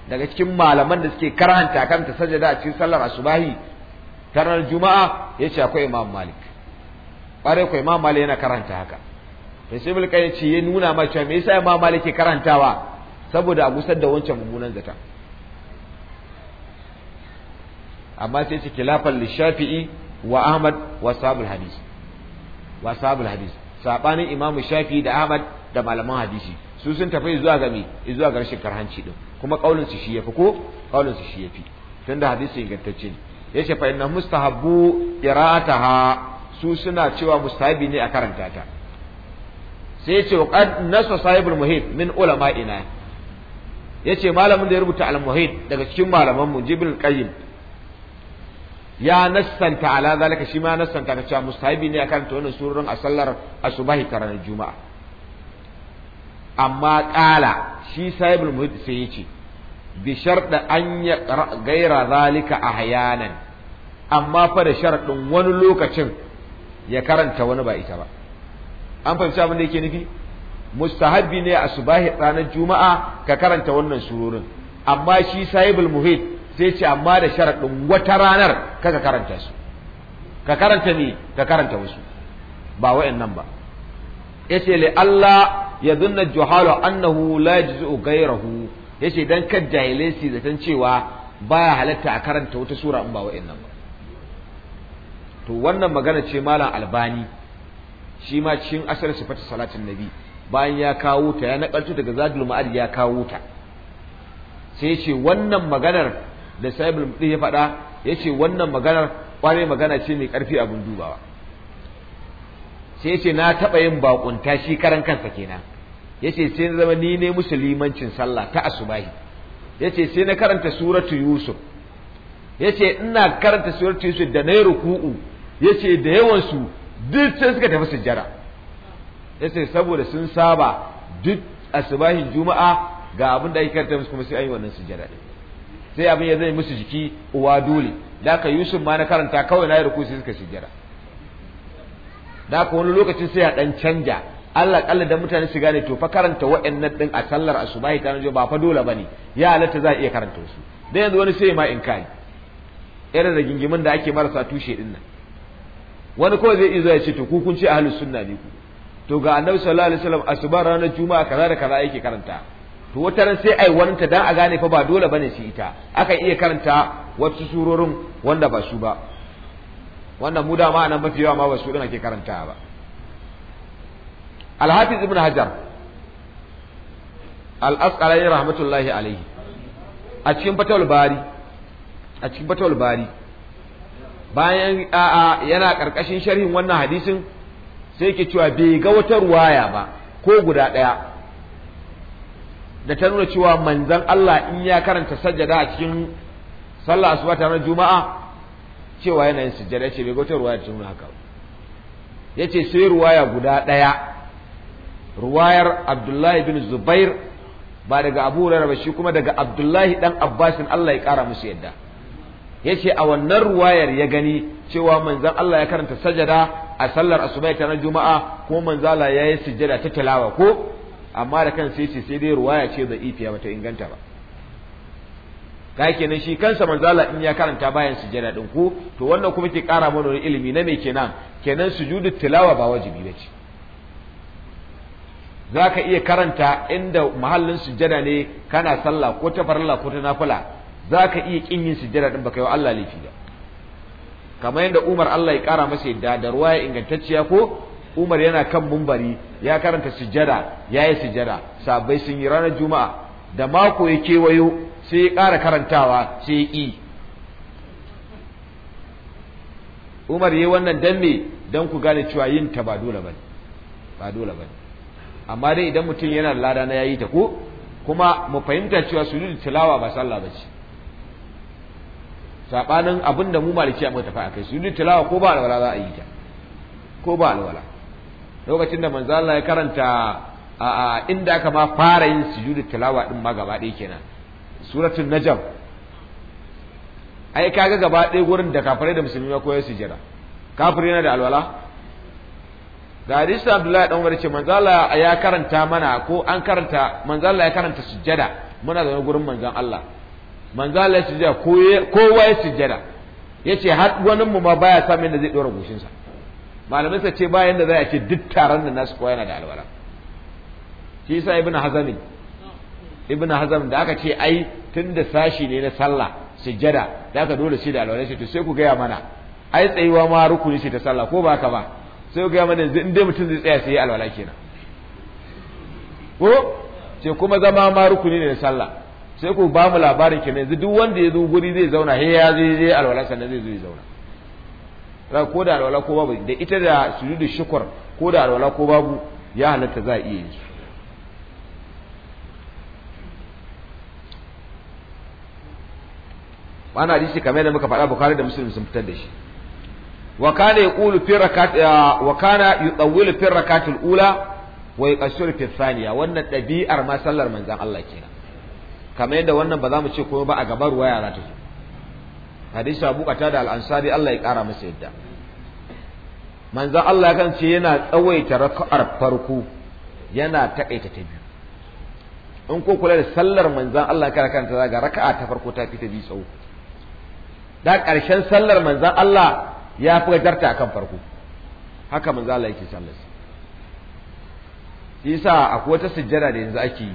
daga cikin malaman da suke karanta kan ta sajada a cikin sallar asubahi tarar juma'a ya ce akwai imam malik bare ko imam malik yana karanta haka da sai mulka ya nuna ma cewa me yasa imam malik ke karantawa saboda a gusar da wancan mummunan zata amma sai ce kilafan lishafi'i wa ahmad wa sabul hadisi wa sabul hadisi sabanin imam shafi'i da ahmad da malaman hadisi su sun tafi zuwa ga me zuwa ga rashin karhanci din kuma kaulin su shi yafi ko kaulin su shi yafi tunda hadisi ingantacce ne ce fa inna mustahabbu qira'ataha su suna cewa mustahabi ne a karanta ta sai ya ce qad nasa sahibul muhib min ulama'ina ce malamin da ya rubuta al-muhib daga cikin malaman mu jibril qayyim ya nassanta ala zalika shi ma nassanta ka cewa mustahabi ne a karanta wannan surar asallar asubahi ta ranar juma'a amma ƙala shi sahibul muhit sai ya ce bi sharɗa an ya gaira zalika a hayanan amma fa da sharɗin wani lokacin ya karanta wani ba ita ba an fahimci abin da yake nufi mustahabbi ne a subahi ranar juma'a ka karanta wannan surorin amma shi sahibul muhit sai ce amma da sharaɗin wata ranar kaka karanta su ka karanta ni ka karanta wasu ba wa'annan ba yace li Allah yadhunna juhalu annahu la yajzu ghayrahu yace dan kad jahilai su zaton cewa baya halatta a karanta wata sura in ba wa'annan ba to wannan magana ce malam albani shi ma cikin asar sifatu salatin nabi bayan ya kawo ta ya nakalto daga zadul ma'ad ya kawo ta sai yace wannan maganar da sahibul mutum ya faɗa yace wannan maganar kware magana ce mai karfi abin dubawa sai ce na taɓa yin bakunta shi karan kansa kenan yace sai na zama ni ne musulmancin sallah ta asubahi yace sai na karanta suratu yusuf yace ina karanta suratu yusuf da nayi ruku'u yace da yawan su duk sai suka tafi sujjara yace saboda sun saba duk asubahin juma'a ga abin da ake karanta musu kuma sai an yi wannan sujjara din sai abin ya zai musu jiki uwa dole da ka yusuf ma na karanta kawai na yi ruku'u sai suka sujjara da haka wani lokacin sai a dan canja Allah kalla da mutane su gane to fa karanta wa'annan din a sallar asubahi kana ba fa dole bane ya halatta za a iya karanta su dan yanzu wani sai ma in kai irin da gingimin da ake marasa tushe din nan wani ko zai iya ya ce to ku kun ce ahlus sunna ne ku to ga annabi sallallahu alaihi wasallam asubar ranar juma'a kaza da kaza yake karanta to wata ran sai ai ta dan a gane fa ba dole bane shi ita akan iya karanta wasu surorin wanda ba su ba wannan mu dama anan mafi yawa ma ba su ake karantawa ba al-hafiz ibn hajar al-asqalani rahmatullahi alaihi a cikin fatawul bari a cikin fatawul bari bayan a'a yana karkashin sharhin wannan hadisin sai yake cewa bai ga wata ruwaya ba ko guda ɗaya, da ta nuna cewa manzon Allah in ya karanta sajjada a cikin sallah asuba ta ranar juma'a cewa yana yin sujjada ce bai gautar wata ruwaya ta nuna haka ce sai ruwaya guda ɗaya ruwayar Abdullahi bin Zubair ba daga Abu ba shi kuma daga Abdullahi dan Abbasin Allah ya kara musu yadda Ya ce a wannan ruwayar ya gani cewa manzan Allah ya karanta sajada a sallar asuba ta na juma'a ko manzala yi sujjada ta tilawa ko amma da kan sai ce sai dai ruwaya ce da ifiya ta inganta ba ga kenan shi kansa manzala in ya karanta bayan sujada din ko to wannan kuma ke kara mana wani ilimi na me kenan kenan sujudu tilawa ba wajibi bace zaka iya karanta inda mahallin sujada ne kana sallah ko ta farilla ko ta nafila zaka iya kin yin sujada din baka yi Allah laifi da kamar yadda Umar Allah ya kara masa yadda da ruwaya ingantacciya ko Umar yana kan mumbari ya karanta sujada yayi sujada sabai sun yi ranar juma'a da mako ya kewayo sai ya ƙara karantawa sai ya ƙi umar yi wannan don me don ku gane cewa yin ta ba dole bane ba dole bane amma dai idan mutum yana lada na yayi ta ko kuma mu fahimta cewa su yi tilawa ba sallah bace sabanin abin da mu maliki a mutafa su yi tilawa ko ba alwala za a yi ta ko ba alwala lokacin da manzo Allah ya karanta a inda aka ma fara yin sujud tilawa din ma gaba ɗaya kenan suratun najam ai kaga gaba ɗaya gurin da kafirai da musulmi ma koyar sujada kafiri yana da alwala ga hadisi abdullahi dan warce manzala ya karanta mana ko an karanta manzala ya karanta sujada muna zaune gurin manzon Allah manzala ya sujada kowa ya sujada yace har wani mu ma baya samun yadda zai dora goshin sa malamin sa ce bayan da a ce duk taron da nasu kowa yana da alwala shi yasa ibn hazami ibn hazm da aka ce ai tunda sashi ne na sallah sujjada da aka dole shi da alwala sai to sai ku gaya mana ai tsayuwa ma rukuni ce ta sallah ko ba ka ba sai ku gaya mana in dai mutum zai tsaya sai ya alwala kenan ko sai kuma zama ma rukuni ne na sallah sai ku ba mu labarin kenan yanzu duk wanda ya zo guri zai zauna he ya zai zai alwala sannan zai zo ya zauna ra ko da alwala ko babu da ita da sujudu shukr ko da alwala ko babu ya halatta za a iya yin su wani hadisi kamar yadda muka faɗa bukari da muslim sun fitar da shi wa kana yaqulu fi rakat wa kana yutawwilu fi rakatil ula wa yuqassiru fi thaniya wannan ɗabi'ar ma sallar manzon Allah kenan kamar yadda wannan ba za mu ce komai ba a gabar waya za ta zo hadisi Abu da al-Ansari Allah ya kara masa yadda manzon Allah kan ce yana tsawaita raka'ar farko yana takaita ta biyu in ko kula da sallar manzon Allah kana kanta zaga raka'a ta farko ta fi ta biyu tsawo da ƙarshen sallar manzan Allah ya fi gajarta akan farko haka manzan Allah yake sallar shi yasa a wata sujjada da yanzu ake yi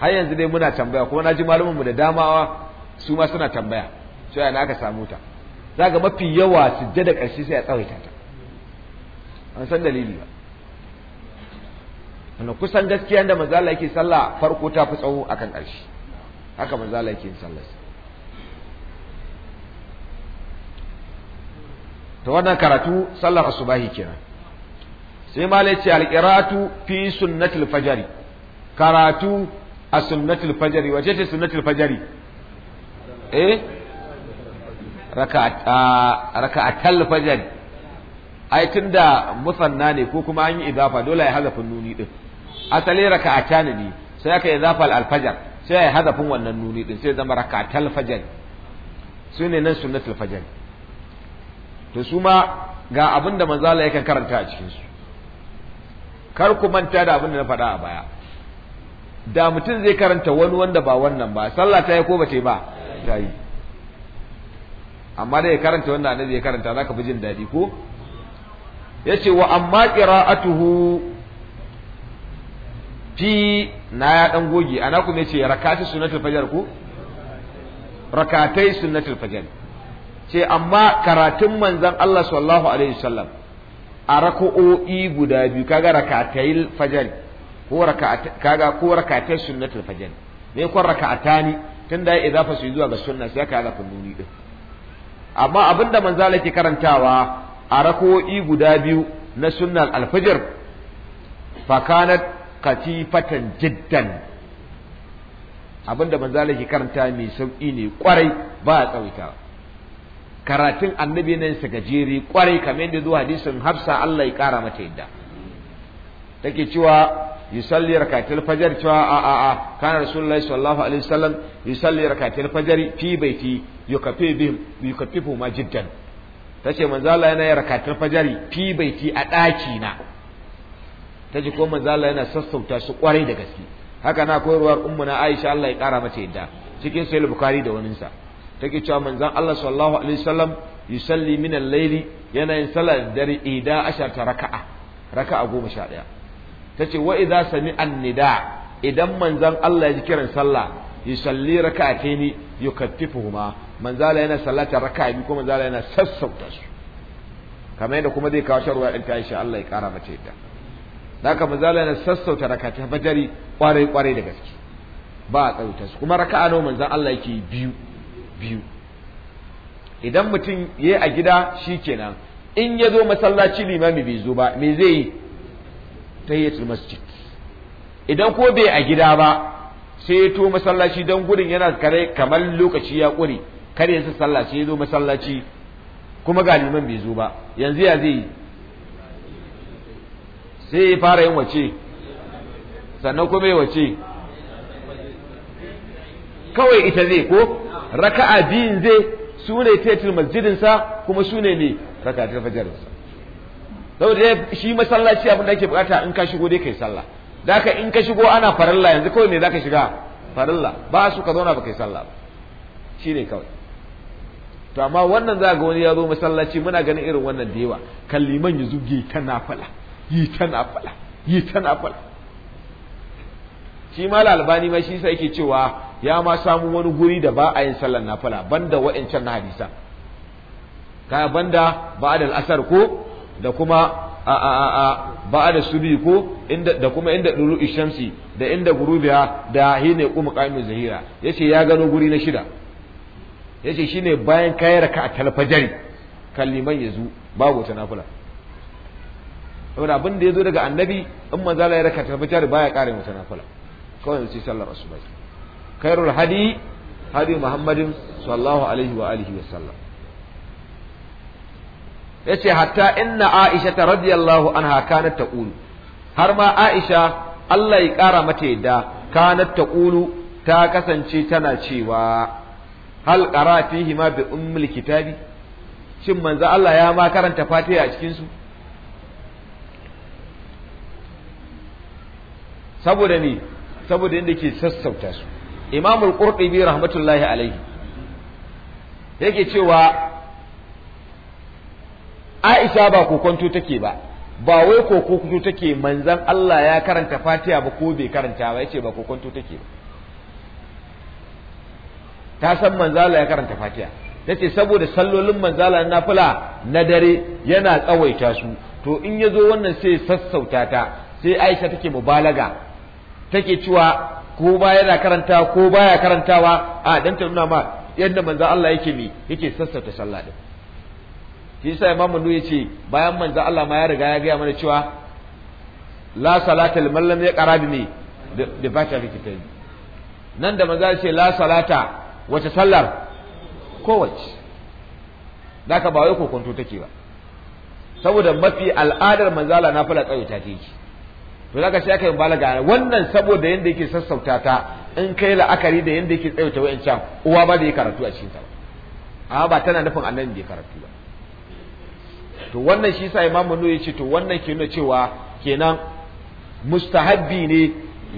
har yanzu dai muna tambaya kuma na ji malumanmu da damawa su ma suna tambaya cewa yana aka samu ta za ga mafi yawa sujjada ƙarshe sai a tsawaita ta an san dalili ba wanda kusan gaskiya da manzala yake sallah farko ta fi tsawo akan ƙarshe haka manzala yake yin sallarsa ta wannan karatu sallar asubahi kenan sai malai ce alqiratu fi sunnatil fajari karatu a sunnatul fajari wace ce sunnatul fajari eh raka'atal fajari ai tunda musanna ne ko kuma an yi idafa dole ya hazafin nuni din asali raka'ata ne sai aka yi zafal alfajar sai ya hazafin wannan nuni din sai zama raka'atal fajari su ne nan sunnatul fajari to su ma ga abin da manzala yakan karanta a cikinsu kar ku manta da abin da na faɗa a baya da mutum zai karanta wani wanda ba wannan ba sallah ta yi ko ba ta ba ta yi amma da ya karanta wanda annabi ya karanta zaka fi jin daɗi ko yace wa amma qira'atuhu fi na ya dan goge ana kuma ce rakati sunnatul fajr ko rakatai sunnatul fajr ce amma karatun manzan Allah sallallahu alaihi wasallam a raka'o'i guda biyu kaga rakatayil fajr ko raka'at kaga ko rakatay sunnatul fajr ne ko raka'atani tunda ya idafa su zuwa ga sunna sai ka ga kulluni din amma abinda manza Allah ke karantawa a raka'o'i guda biyu na sunnal alfajr fakanat katifatan jiddan abinda manza Allah ke karanta mai sauki ne kwarai ba a tsawaitawa karatun annabi nan sa gajeri kwarai kamar yadda zuwa hadisin hafsa Allah ya kara mata yadda take cewa yusalli rakatul fajr cewa a a a kana rasulullahi sallallahu alaihi wasallam yusalli rakatul fajr fi baiti yukafi bi yukafi ma jiddan tace manzo Allah yana rakatul fajr fi baiti a daki na tace ko manzo Allah yana sassauta su kwarai da gaske haka na koyarwar ummuna Aisha Allah ya kara mata yadda cikin sahih bukhari da waninsa sa take cewa manzon Allah sallallahu alaihi wasallam yusalli min al-layli yana yin salat dare ida asharta raka'a raka'a goma sha ɗaya tace wa idza sami an-nida idan manzon Allah ya ji kiran sallah yusalli raka'ataini yukaffifuhuma Allah yana sallata raka'a biyu ko manzala yana sassauta su kamar yadda kuma zai kawo sharwa ɗin ta Aisha Allah ya ƙara mace yadda da haka Allah yana sassauta raka'a ta fajari kwarai kwarai da gaske ba a tsauta su kuma raka'a nawa manzon Allah yake biyu biyu idan mutum ya a gida shi kenan in ya zo masallaci limami bai zo ba me zai yi masjid idan ko bai a gida ba sai ya to masallaci don gudun yana kare kamar lokaci ya ƙure kar ya sallah sai ya zo masallaci kuma ga liman bai zo ba yanzu ya zai yi sai ya fara yin wace sannan kuma ya wace kawai ita zai ko raka'a biyin zai su ne masjidin masjidinsa kuma su ne ne raka'atul fajarinsa saboda shi masallaci abin da ake bukata in ka shigo dai kai sallah ka in ka shigo ana farilla yanzu kawai ne zaka shiga farilla ba su ka zauna ba kai sallah ba shi ne kawai to amma wannan za ga wani ya zo masallaci muna ganin irin wannan da yawa kalliman ya zuge ta nafala yi ta nafala yi ta nafala shi ma albani ma shi sa yake cewa ya ma samu wani guri da ba a yin sallar nafila banda wa'ancan na hadisa ka banda ba al-asar ko da kuma a a a, a ba'ad subi ko inda da kuma inda duru ishamsi da inda gurubiya da hine kuma qaimu zahira yace ya gano guri na shida yace shine bayan kayar raka a talfajari kalliman yazu babu ta nafila saboda abin da yazo daga annabi in manzala ya raka talfajari baya kare mutana nafila kawai sai sallar asubai khairul hadi hadi muhammadin sallallahu alaihi wa alihi wa sallam yace hatta inna aisha ta radiyallahu anha kanat taqulu har ma aisha Allah ya kara mata yadda kanat taqulu ta kasance tana cewa hal qara fihi ma bi ummul kitabi shin manzo Allah ya ma karanta fatiha a cikin su saboda ne saboda inda ke sassauta su imamul qurtubi rahmatullahi alaihi yake cewa aisha ba kokonto take ba ba wai kokonto take manzan Allah ya karanta fatiha ba ko bai karanta ba yace ba kokonto take ba ta san manzala ya karanta fatiha yace saboda sallolin manzala na fula na dare yana tsawaita su to in ya zo wannan sai sassauta ta sai aisha take mubalaga take cewa ko ba yana karanta ko baya karantawa a dan ta nuna ma yadda manzo Allah yake mi yake sassauta sallah din shi yasa imamu nu yace bayan manzo Allah ma ya riga ya gaya mana cewa la salata liman lam yaqra bi mi bi fatiha kitabi nan da manzo ya ce la salata wace sallar kowace zaka ba wai kokonto take ba saboda mafi al'adar manzala na fara tsawaita ta yake to zaka sai aka yi balaga wannan saboda yanda yake sassauta ta in kai la'akari da yanda yake tsayauta wa'ancan uwa ba da yi karatu a cikin ta amma ba tana nufin annabi bai karatu ba to wannan shi sa imamu nu yace to wannan ke nuna cewa kenan mustahabbi ne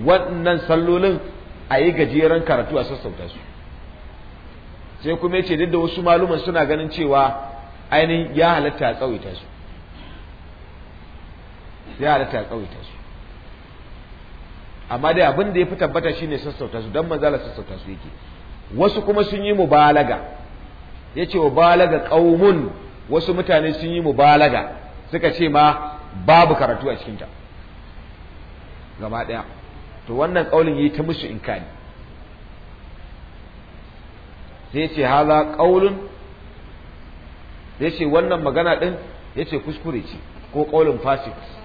wannan sallolin a yi gajeren karatu a sassauta su sai kuma yace duk da wasu maluman suna ganin cewa ainihin ya halatta a tsawaita su ya halatta a tsawaita su amma dai abin da ya fi tabbata shine sassauta su dan manzala sassauta su yake wasu kuma sun yi mubalaga ce wa balaga ƙaumun wasu mutane sun yi mubalaga suka ce ma babu karatu a cikinta gaba ɗaya to wannan kaulin yi ta musu kani sai ce hala kaulun sai ce wannan magana ɗin ya ce kuskure ce ko ƙaunin fasikus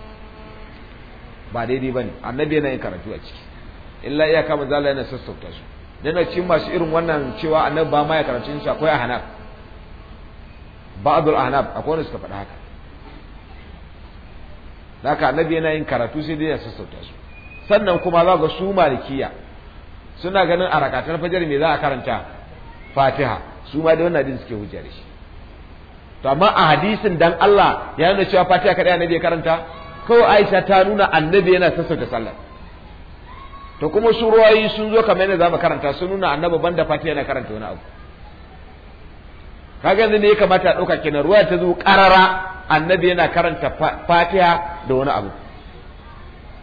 ba daidai ne annabi yana yin karatu a ciki illa iya kama zala yana sassauta su yana ci masu irin wannan cewa annabi ba ma ya karatu shi akwai ahnaf ba'dul ahnaf akwai wanda suka faɗa haka haka annabi yana yin karatu sai dai ya sassauta su sannan kuma za ga su malikiya suna ganin a rakatar fajar me za a karanta fatiha su ma da wannan din suke hujjar shi to amma a hadisin dan Allah ya nuna cewa fatiha kadai annabi ya karanta kawai Aisha ta nuna annabi yana sassauta sallah to kuma su ruwayi sun zo kamar yadda zamu karanta sun nuna annabi banda fati yana karanta wani abu kaga ne ya kamata a ɗauka kenan ruwa ta zo ƙarara annabi yana karanta fatiha da wani abu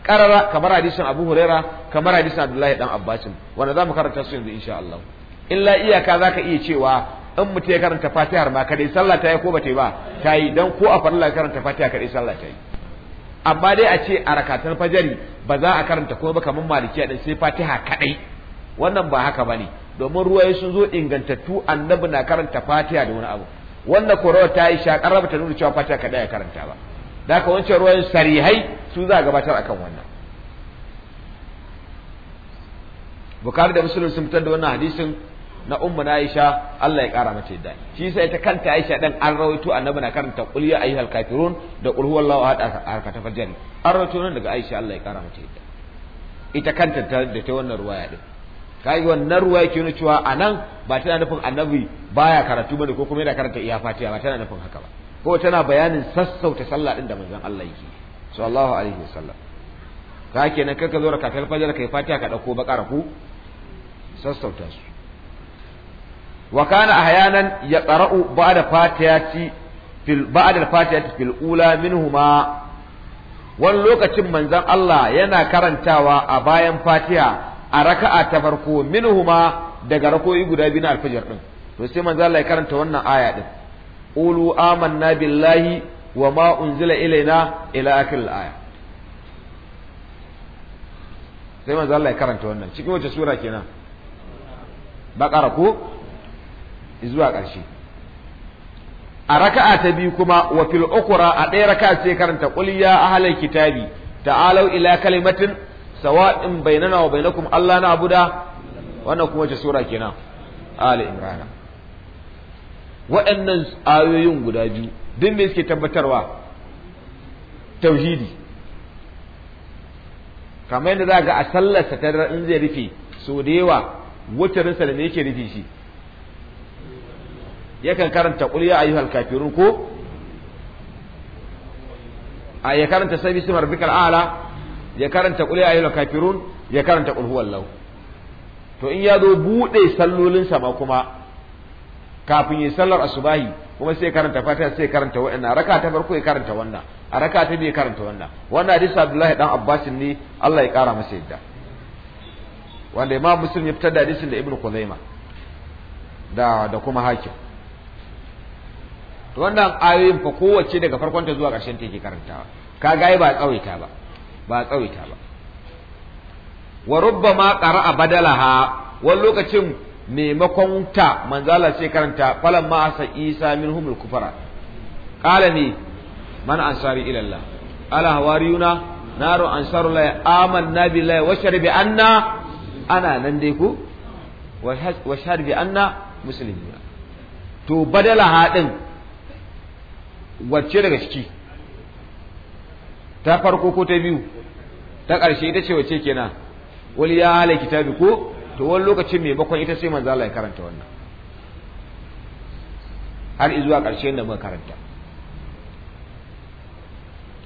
ƙarara kamar hadisin abu huraira kamar hadisin abdullahi dan abbasin wanda zamu karanta su yanzu insha Allah illa iyaka zaka iya cewa in mutum ya karanta fatihar ma kadai sallah ta yi ko ba ta yi ba ta yi dan ko a farilla karanta fatiha kadai sallah ta yi amma dai a ce a rakatar fajari ba za a karanta kuma ba kamar malikiya din sai fatiha kadai wannan ba haka bane domin ruwaye sun zo ingantattu annabi na karanta fatiha da wani abu wannan korawa ta yi sha raba ta nuna cewa fatiha kadai ya karanta ba da haka wancan ruwayen sarihai su za a gabatar akan wannan bukari da musulun sun fitar da wannan hadisin na ummu na Aisha Allah ya kara mata yadda shi sai ta kanta Aisha dan an rawaito annabi na karanta qul ya ayyuhal kafirun da qul huwallahu ahad ta fajr an rawaito nan daga Aisha Allah ya kara mata yadda ita kanta ta da ta wannan ruwaya din kai wannan ruwaya ke nuna cewa anan ba tana nufin annabi baya karatu bane ko kuma yana karanta iya fatiha ba tana nufin haka ba ko tana bayanin sassauta sallah din da manzon Allah yake sallallahu alaihi wasallam ka kenan kaka zo rakatul fajr kai fatiha ka dauko bakara ku sassauta su wa kana ahyanan yaqra'u ba'da fatihati fil ba'da fatihati fil ula minhuma wani lokacin manzon Allah yana karantawa a bayan fatiha a raka'a ta farko minhuma daga rakoyi guda biyu na alfajir din to sai manzon Allah ya karanta wannan aya din qulu amanna billahi wa ma unzila ilaina ila akhir aya sai manzon Allah ya karanta wannan cikin wace sura kenan baqara ko zuwa ƙarshe a raka'a ta biyu kuma wa fil ukura a ɗaya raka'a sai karanta qul ya ahlal kitabi ta'alau ila kalimatin sawa'in bainana wa bainakum Allah na abuda wannan kuma ce sura kenan ali imran waɗannan ayoyin guda biyu duk me suke tabbatarwa tauhidi kamar yadda za ga a sallarsa ta in zai rufe so da yawa wutarinsa da yake rufe shi yakan karanta qul ya ayyuhal kafirun ko a ya karanta sai bismi rabbikal a'la ya karanta qul ya ayyuhal kafirun ya karanta qul huwallahu to in ya zo bude sallolin sa ma kuma kafin yi sallar asubahi kuma sai karanta fatiha sai karanta wa'anna raka ta farko ya karanta wannan a raka ta biyu karanta wannan wannan hadisi Abdullahi dan Abbas ne Allah ya kara masa yadda wanda Imam Muslim ya fitar da hadisin da Ibn Khuzaimah da da kuma Hakim to wannan ayoyin fa kowace daga farkon ta zuwa ƙarshen take karantawa ka ai ba tsawaita ba ba tsawaita ba wa rubbama qara'a badalaha wani lokacin maimakon ta manzala sai karanta falan ma asa isa minhum al-kufara qala ni man ansari ila Allah ala hawariyuna naru ansaru la amanna billahi wa sharbi anna ana nan dai ku wa sharbi anna muslimina to badala hadin wacce daga ciki ta farko ko ta biyu ta ƙarshe ita ce wacce kenan wani ya hala kitabi ko to wani lokacin maimakon ita sai manzo Allah ya karanta wannan har izuwa ƙarshe da muka karanta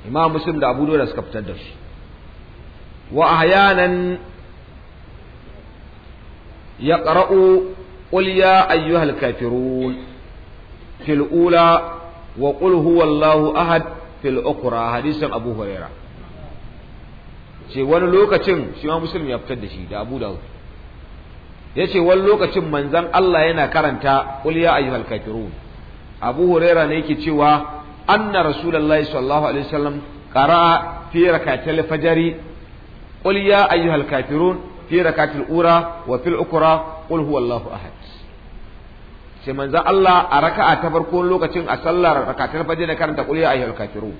imam muslim da abu da suka fitar da shi wa ahyanan ya ƙara'u ƙulya ayyuhal kafirun fil ula wa qul huwallahu ahad fil ukhra hadisin abu huraira ce wani lokacin shi ma muslim ya fitar da shi da abu dawud yace wani lokacin manzon Allah yana karanta qul ya ayyuhal kafirun abu huraira ne yake cewa anna rasulullahi sallallahu alaihi wasallam qara fi rakatil fajri qul ya ayyuhal kafirun fi rakatil ura wa fil ukra qul huwallahu ahad sai manzan Allah a raka'a ta farko lokacin a sallar rakatar fajr da karanta qul ya ayyuhal kafirun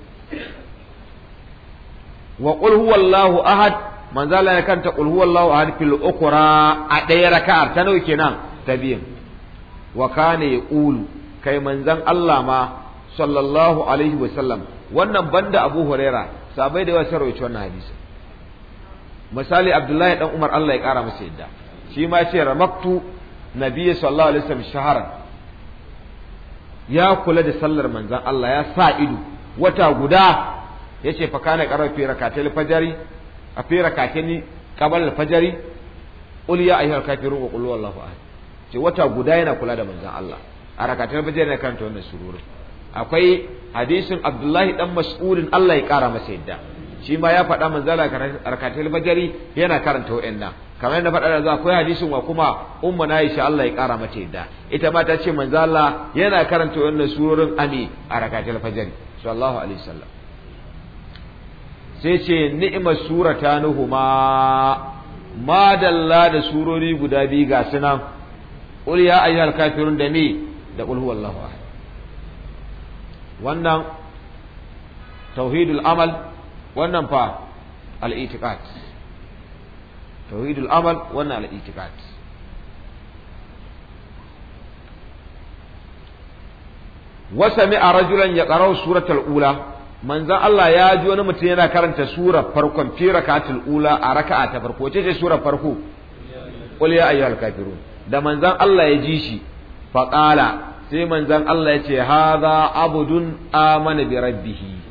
wa qul huwallahu ahad manzo Allah ya karanta qul huwallahu ahad fil ukhra a ɗaya raka'a ta nawa kenan ta biyan. wa kana yaqulu kai manzan Allah ma sallallahu alaihi wa sallam wannan banda Abu Huraira sabai da yawa sun rawaito wannan hadisi misali Abdullahi dan Umar Allah ya kara masa yadda shi ma ya ce ramaktu Nabiya sallallahu alaihi wasallam shahara ya kula da sallar manzan Allah ya sa ido wata guda yace fa kana karar fi rakatil fajari a fi rakatin qabl al fajari qul ya ayyuhal kafirun wa qul wallahu ahad ce wata guda yana kula da manzan Allah a rakatil fajari ne kanta wannan sururu akwai hadisin Abdullahi dan mas'ulin Allah ya kara masa yadda shi ma ya faɗa manzala rakatil fajari yana karanta wa'annan kamar na faɗa yanzu akwai hadisin wa kuma umma na Aisha Allah ya ƙara mata yadda ita ma ta ce Manzala yana karanta wannan surorin ami a rakatul fajr sallallahu alaihi wasallam sai ce ni'ma surata nuhuma ma dalla da surori guda biyu ga sunan qul ya ayyuhal kafirun da ni da qul huwallahu ahad wannan tauhidul amal wannan fa al-i'tiqad tauhidul amal wannan al-i'tiqad wa sami'a rajulan yaqra'u suratul ula manzon Allah ya ji wani mutum yana karanta sura farkon fi rakatul ula a raka'a ta farko ce ce sura farko qul ya ayyuhal kafirun da manzon Allah ya ji shi fa qala sai manzon Allah ya ce hadha abudun amana bi bihi.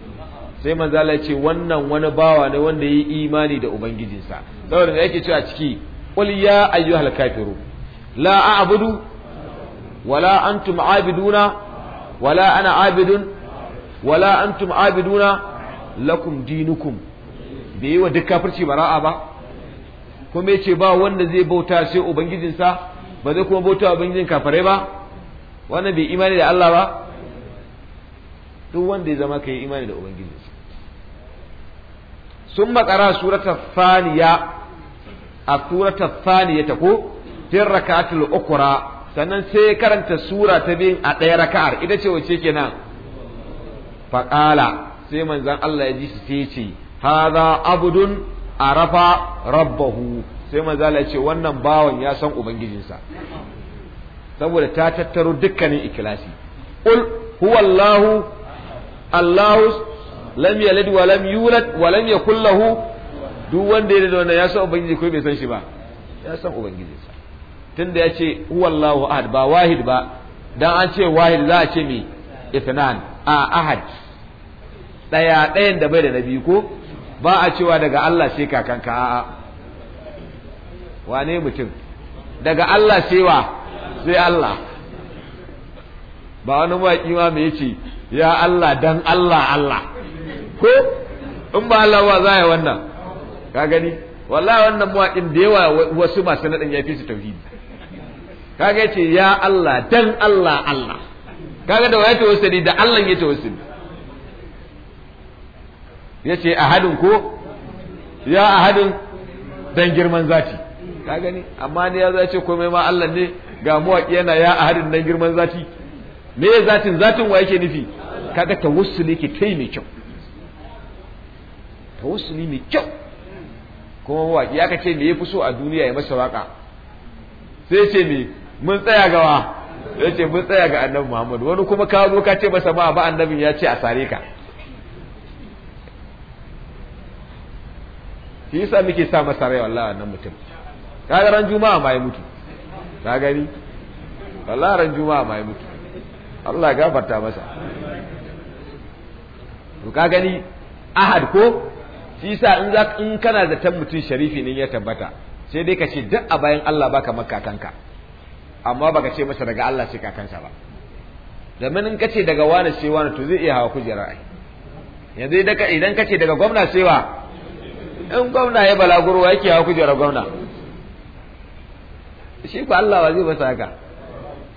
sai manzo Allah ce wannan wani bawa ne wanda yi imani da ubangijinsa saboda da yake cewa ciki qul ya ayyuhal kafiru la a'budu wala antum a'biduna wala ana a'bidun wala antum a'biduna lakum dinukum bai yi wa duk kafirci bara'a ba kuma yace ba wanda zai bauta sai ubangijinsa ba zai kuma bauta ubangijin kafirai ba wannan bai imani da Allah ba duk wanda ya zama ka yi imani da ubangijinsa ثم قرأ a الثانية السورة ta ko في الركعة ukura sannan sai karanta sura ta biyun a ɗaya raka'ar ita ce wace kenan faƙala sai manzan Allah ya ji su sai ce haza abudun arafa rabbahu sai manzan Allah ya ce wannan bawan ya san ubangijinsa saboda ta tattaro dukkanin ikilasi qul huwallahu allahu lam yalid wa lam yulad wa lam yakul lahu duk wanda ya da wannan ya san ubangiji ko bai san shi ba ya san ubangiji sa tunda ya ce huwallahu ahad ba wahid ba dan an ce wahid za a ce me ithnan a ahad daya dayan da bai da nabi ko ba a cewa daga Allah sai kakanka a'a wane mutum daga Allah sai wa sai Allah ba wani waƙi ma me yace ya Allah dan Allah Allah ko in ba Allah ba za ya wannan ka gani wallahi wannan mawaƙin da yawa wasu masu naɗin ya fi su tauhidi ga ce ya Allah dan Allah Allah Ka ga da waya tawassuli da Allah ya tawassuli a ahadin ko ya ahadin dan girman zati ka gani amma ne ya zace komai ma Allah ne ga mawaƙi yana ya ahadin dan girman zati me zatin zatin wa yake nufi kaga tawassuli ke ne ke kyau tausuni mai kyau kuma mawaƙi aka ce me ya fi so a duniya ya masa waƙa sai ce me mun tsaya gawa ya ce mun tsaya ga annabi muhammadu wani kuma ka zo ka ce masa ma ba annabin ya ce a sare ka shi yasa muke sa masa rai wallahi wannan mutum kaga ran juma'a ma ya mutu ka gani wallahi ran juma'a ma ya mutu Allah ya gafarta masa to ka gani ahad ko shi yasa in za in kana da mutum sharifi ne ya tabbata sai dai ka ce duk a bayan Allah baka maka kanka amma baka ce masa daga Allah sai kakansa ba domin in kace daga wani sai wani to zai iya hawa kujerar ai yanzu idan kace daga gwamna sai wa in gwamna ya balaguro yake hawa kujerar gwamna shi ko Allah wa zai masa haka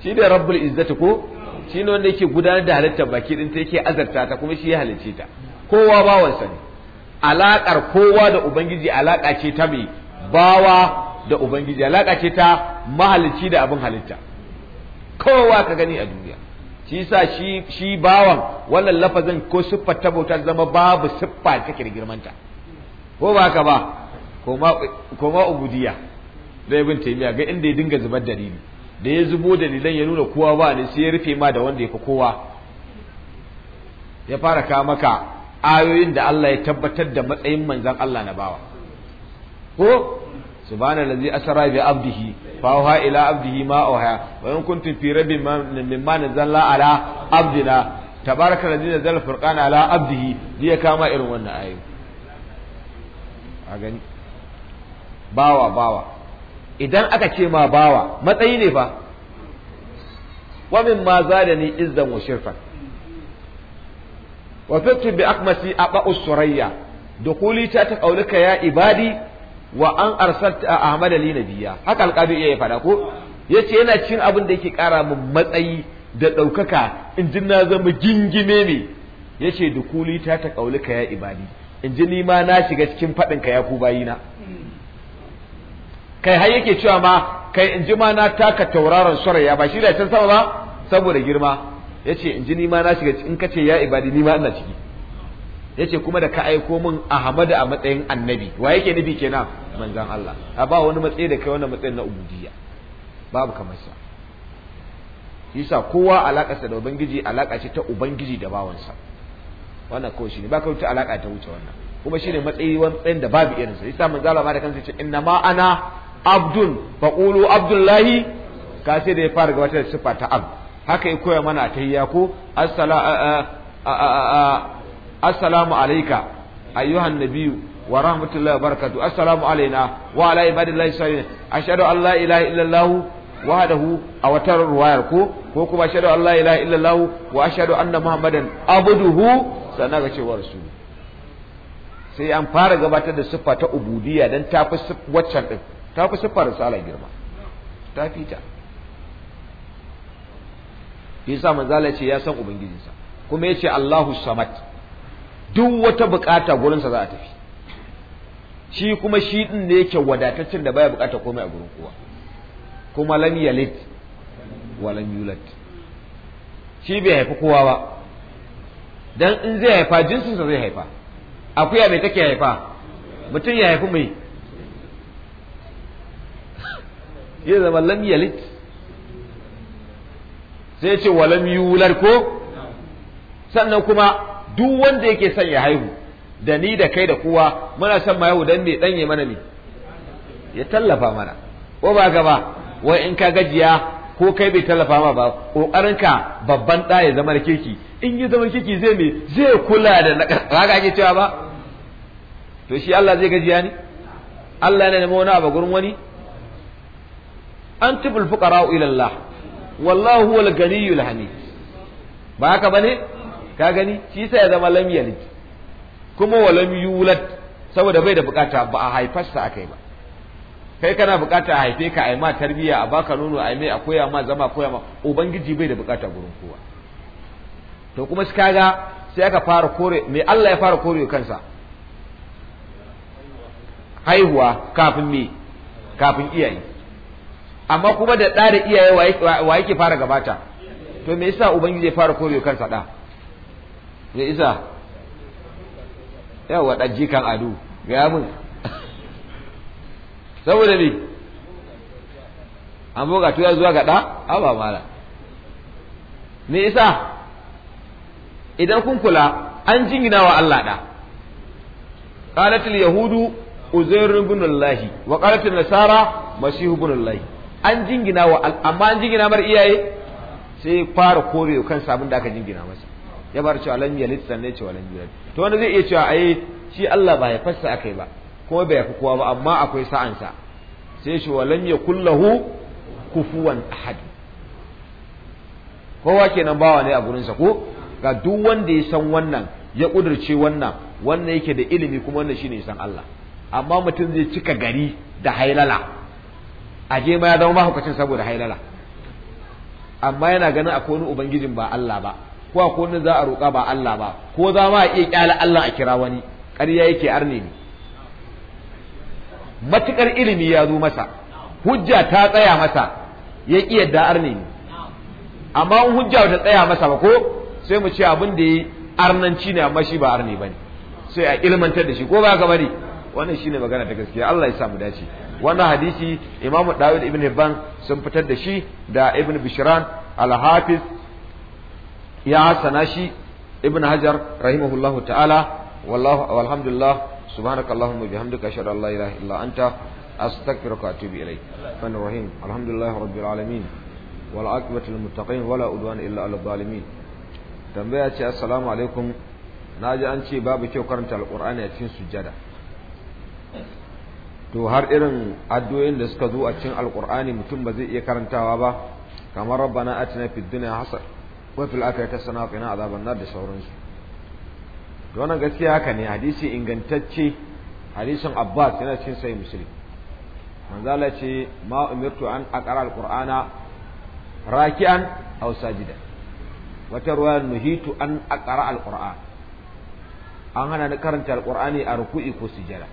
shi da rabbul izzati ko shi ne wanda yake gudanar da halittar baki din ta yake azarta ta kuma shi ya halicce ta kowa bawansa ne alaƙar kowa da ubangiji alaƙa ce ta mai bawa da ubangiji alaƙa ce ta mahalicci da abin halitta kowa ka gani a duniya shi sa shi bawan wannan lafazin ko siffar ta bautar zama babu siffa ta girmanta ko ba ka ba ko ma ubudiya da ibn taimiya ga inda ya dinga zubar dalili da ya zubo dalilan ya nuna kowa ba ne sai ya rufe ma da wanda ya fi kowa ya fara kawo maka ayoyin da Allah ya tabbatar da matsayin manzan Allah na bawa ko subhanallazi asra bi abdihi fa huwa ila abdihi ma uha wa in kuntum fi rabbin mimma nazzalna ala abdina tabaraka allazi nazzala furqana ala abdihi zai kama irin wannan ayoyi a gani bawa bawa idan aka ce ma bawa matsayi ne fa wa mimma zadani izzan wa shirfan wa fiqtu bi akmasi aba usurayya dukuli ta ta kaulika ya ibadi wa an a ahmad ali nabiyya haka alqabi ya faɗa ko yace yana cikin abin da yake kara min matsayi da ɗaukaka in na zama gingime ne yace dukuli ta ta kaulika ya ibadi in ni ma na shiga cikin faɗin ka ku bayina kai har yake cewa ma kai in ma na taka tauraron suraya ba shi da can sama ba saboda girma yace in ji nima na shiga in kace ya ibadi nima ina ciki yace kuma da ka aiko min Ahmadu a matsayin annabi wa yake nufi kenan manzan Allah a ba wani matsayi da kai wani matsayin na ubudiyya babu kamar sa yasa kowa alakarsa da ubangiji alaka ce ta ubangiji da bawansa wannan kawai shine ba ka wuce alaka ta wuce wannan kuma shine matsayi wani da babu irinsa yasa manzo Allah ma da kansa ce inna ma ana abdun faqulu abdullahi ka sai da ya fara gabatar da sifa ta abd haka ya koya mana ta tahiyya ko assalamu alaika ayyuhan nabiyyu wa rahmatullahi wa barakatuh assalamu alaina wa ala ibadillahi salihin ashhadu an la ilaha illallah wahdahu a wata ruwayar ko ko kuma ashhadu an la ilaha illallah wa ashhadu anna muhammadan abduhu sannan ga cewa su sai an fara gabatar da siffa ta ubudiyya dan tafi waccan din tafi siffar risala girma ta fita shi yasa manzala ce ya san ubangijinsa kuma yace Allahu samad duk wata bukata gurinsa za a tafi shi kuma shi din ne yake wadataccen da baya bukata komai a gurin kowa kuma lam yalid wa lam yulad shi bai haifi kowa ba dan in zai haifa jinsinsa zai haifa akuya mai take haifa mutum ya haifi mai ya zama lam yalid sai ce walam yular ko sannan kuma duk wanda yake son ya haihu da ni da kai da kowa muna son ma dan me dan ya mana ne ya tallafa mana ko ba gaba wai in ka gajiya ko kai bai tallafa ma ba ka babban da ya zama kirki in yi zama kirki zai me zai kula da na haka ake cewa ba to shi Allah zai gajiya ni? Allah ne nemo wani ba gurin wani an fuqara ila Allah wallahu huwal ganiyul hamid ba haka bane ka gani shi sai ya zama lam yalid kuma wa lam yulad saboda bai da bukata ba a haifarsa akai ba kai kana bukata a haife ka ai ma tarbiya a baka nono ai mai a koya ma zama koya ma ubangiji bai da bukata gurin kowa to kuma shi kaga sai aka fara kore me Allah ya fara kore kansa haihuwa kafin me kafin iyaye amma kuma da ɗa da iyaye wa yake fara gabata to me yasa ubangiji zai fara kore kansa ɗa me yasa yawa ɗan jikan ado ga mun saboda ne an buga tuya zuwa ga ɗa aba mala me yasa idan kun kula an jingina wa Allah ɗa قالت اليهود أزير بن الله وقالت النصارى مسيح بن الله an jingina wa amma an jingina mar iyaye sai fara kore kan sabon da aka jingina masa ya bar cewa lam yalid sanne cewa lam yalid to wanda zai iya cewa ai shi Allah ba ya fassa akai ba kuma bai yafi kowa ba amma akwai sa'an sa sai shi walam yakul lahu kufuwan ahad kowa kenan bawa ne a gurin sa ko ga duk wanda ya san wannan ya kudirce wannan wannan yake da ilimi kuma wannan shine san Allah amma mutum zai cika gari da hailala je ma ya zama mahaukacin saboda hailala amma yana ganin a wani ubangijin ba Allah ba ko a wani za a roƙa ba Allah ba ko za ma a iya kyala Allah a kira wani ƙarya yake arne ne matukar ilimi ya zo masa hujja ta tsaya masa ya ƙi yadda arne ne amma in hujja ta tsaya masa ba ko sai mu ce abin da ya arnanci ne amma shi ba arne ba ne sai a ilmantar da shi ko ba ka bari wannan shine magana da gaskiya Allah ya sa mu dace wannan hadisi Imam Dawud ibn Hibban sun fitar da shi da Ibn Bishran al-Hafiz ya sana shi Ibn Hajar rahimahullahu ta'ala wallahu alhamdulillah subhanaka allahumma bihamdika ashhadu an la ilaha illa anta astaghfiruka wa atubu ilayk fana rahim alhamdulillah rabbil alamin wal aqibatu lil muttaqin wala udwana illa al zalimin tambaya ce assalamu alaikum naji an ce babu kyau karanta alqur'ani a cikin sujada. to har irin addu'o'in da suka zo a cikin alqur'ani mutum ba zai iya karantawa ba kamar rabbana atina fid dunya hasan wa fil akhirati hasana wa qina adhaban nar da sauransu to wannan gaskiya haka ne hadisi ingantacce hadisin abbas yana cikin sahih muslim manzo Allah ce ma umirtu an aqra alqur'ana raki'an aw sajidan wata ruwayar nuhitu an aqra alqur'an an hana ni karanta alqur'ani a ruku'i ko sujada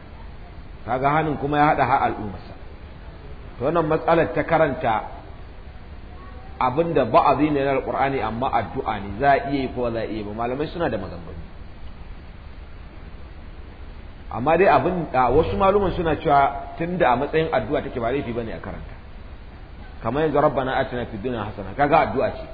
kaga hannun kuma ya haɗa ha al'ummarsa to wannan matsalar ta karanta abinda ba'azi ne na alqur'ani amma addu'a ne za a iya yi ko za a iya ba malamai suna da maganganu amma dai abin wasu maluman suna cewa tunda a matsayin addu'a take ba laifi bane a karanta kamar yanzu rabbana atina fid dunya hasana kaga addu'a ce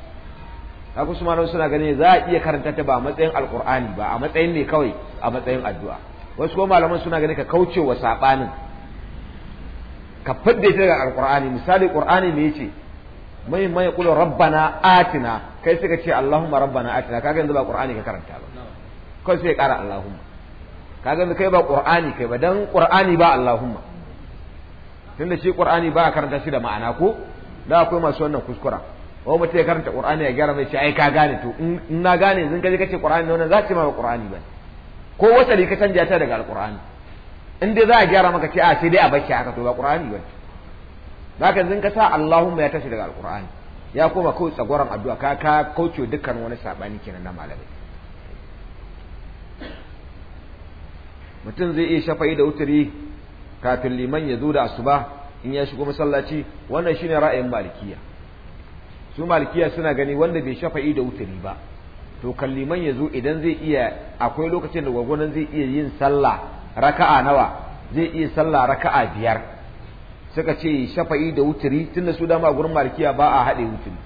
kaga su maluman suna ganin za a iya karanta ta ba a matsayin alqur'ani ba a matsayin ne kawai a matsayin addu'a wasu ko malaman suna ganin ka kauce wa sabanin ka fadda shi daga Alƙur'ani misali qur'ani me yace mai mai kula rabbana atina kai sai ka ce allahumma rabbana atina kaga yanzu ba qur'ani ka karanta ba kai sai kara allahumma kaga yanzu kai ba qur'ani kai ba dan qur'ani ba allahumma tunda shi qur'ani ba a karanta shi da ma'ana ko da akwai masu wannan kuskura ko mutum ya karanta qur'ani ya gyara mai shi ai ka gane to in na gane yanzu kaje kace qur'ani ne wannan za ce ma qur'ani ba ko wata ka canja ta daga alkur'ani in dai za a gyara maka ce a sai dai a bacci haka to ba qur'ani bane zaka zin ka sa Allahumma ya tashi daga alkur'ani ya koma kawai tsagoran addu'a ka ka kauce dukkan wani sabani kenan na malamai mutum zai iya shafa'i da wuturi kafin liman ya zo da asuba in ya shigo masallaci wannan shine ra'ayin malikiya su malikiya suna gani wanda bai shafa'i da wuturi ba to kalliman ya zo idan zai iya akwai lokacin da gwagwanin zai iya yin sallah raka'a nawa zai iya sallah raka'a biyar suka ce shafa'i da wuturi tun da su dama gurin malikiya ba a haɗe wuturi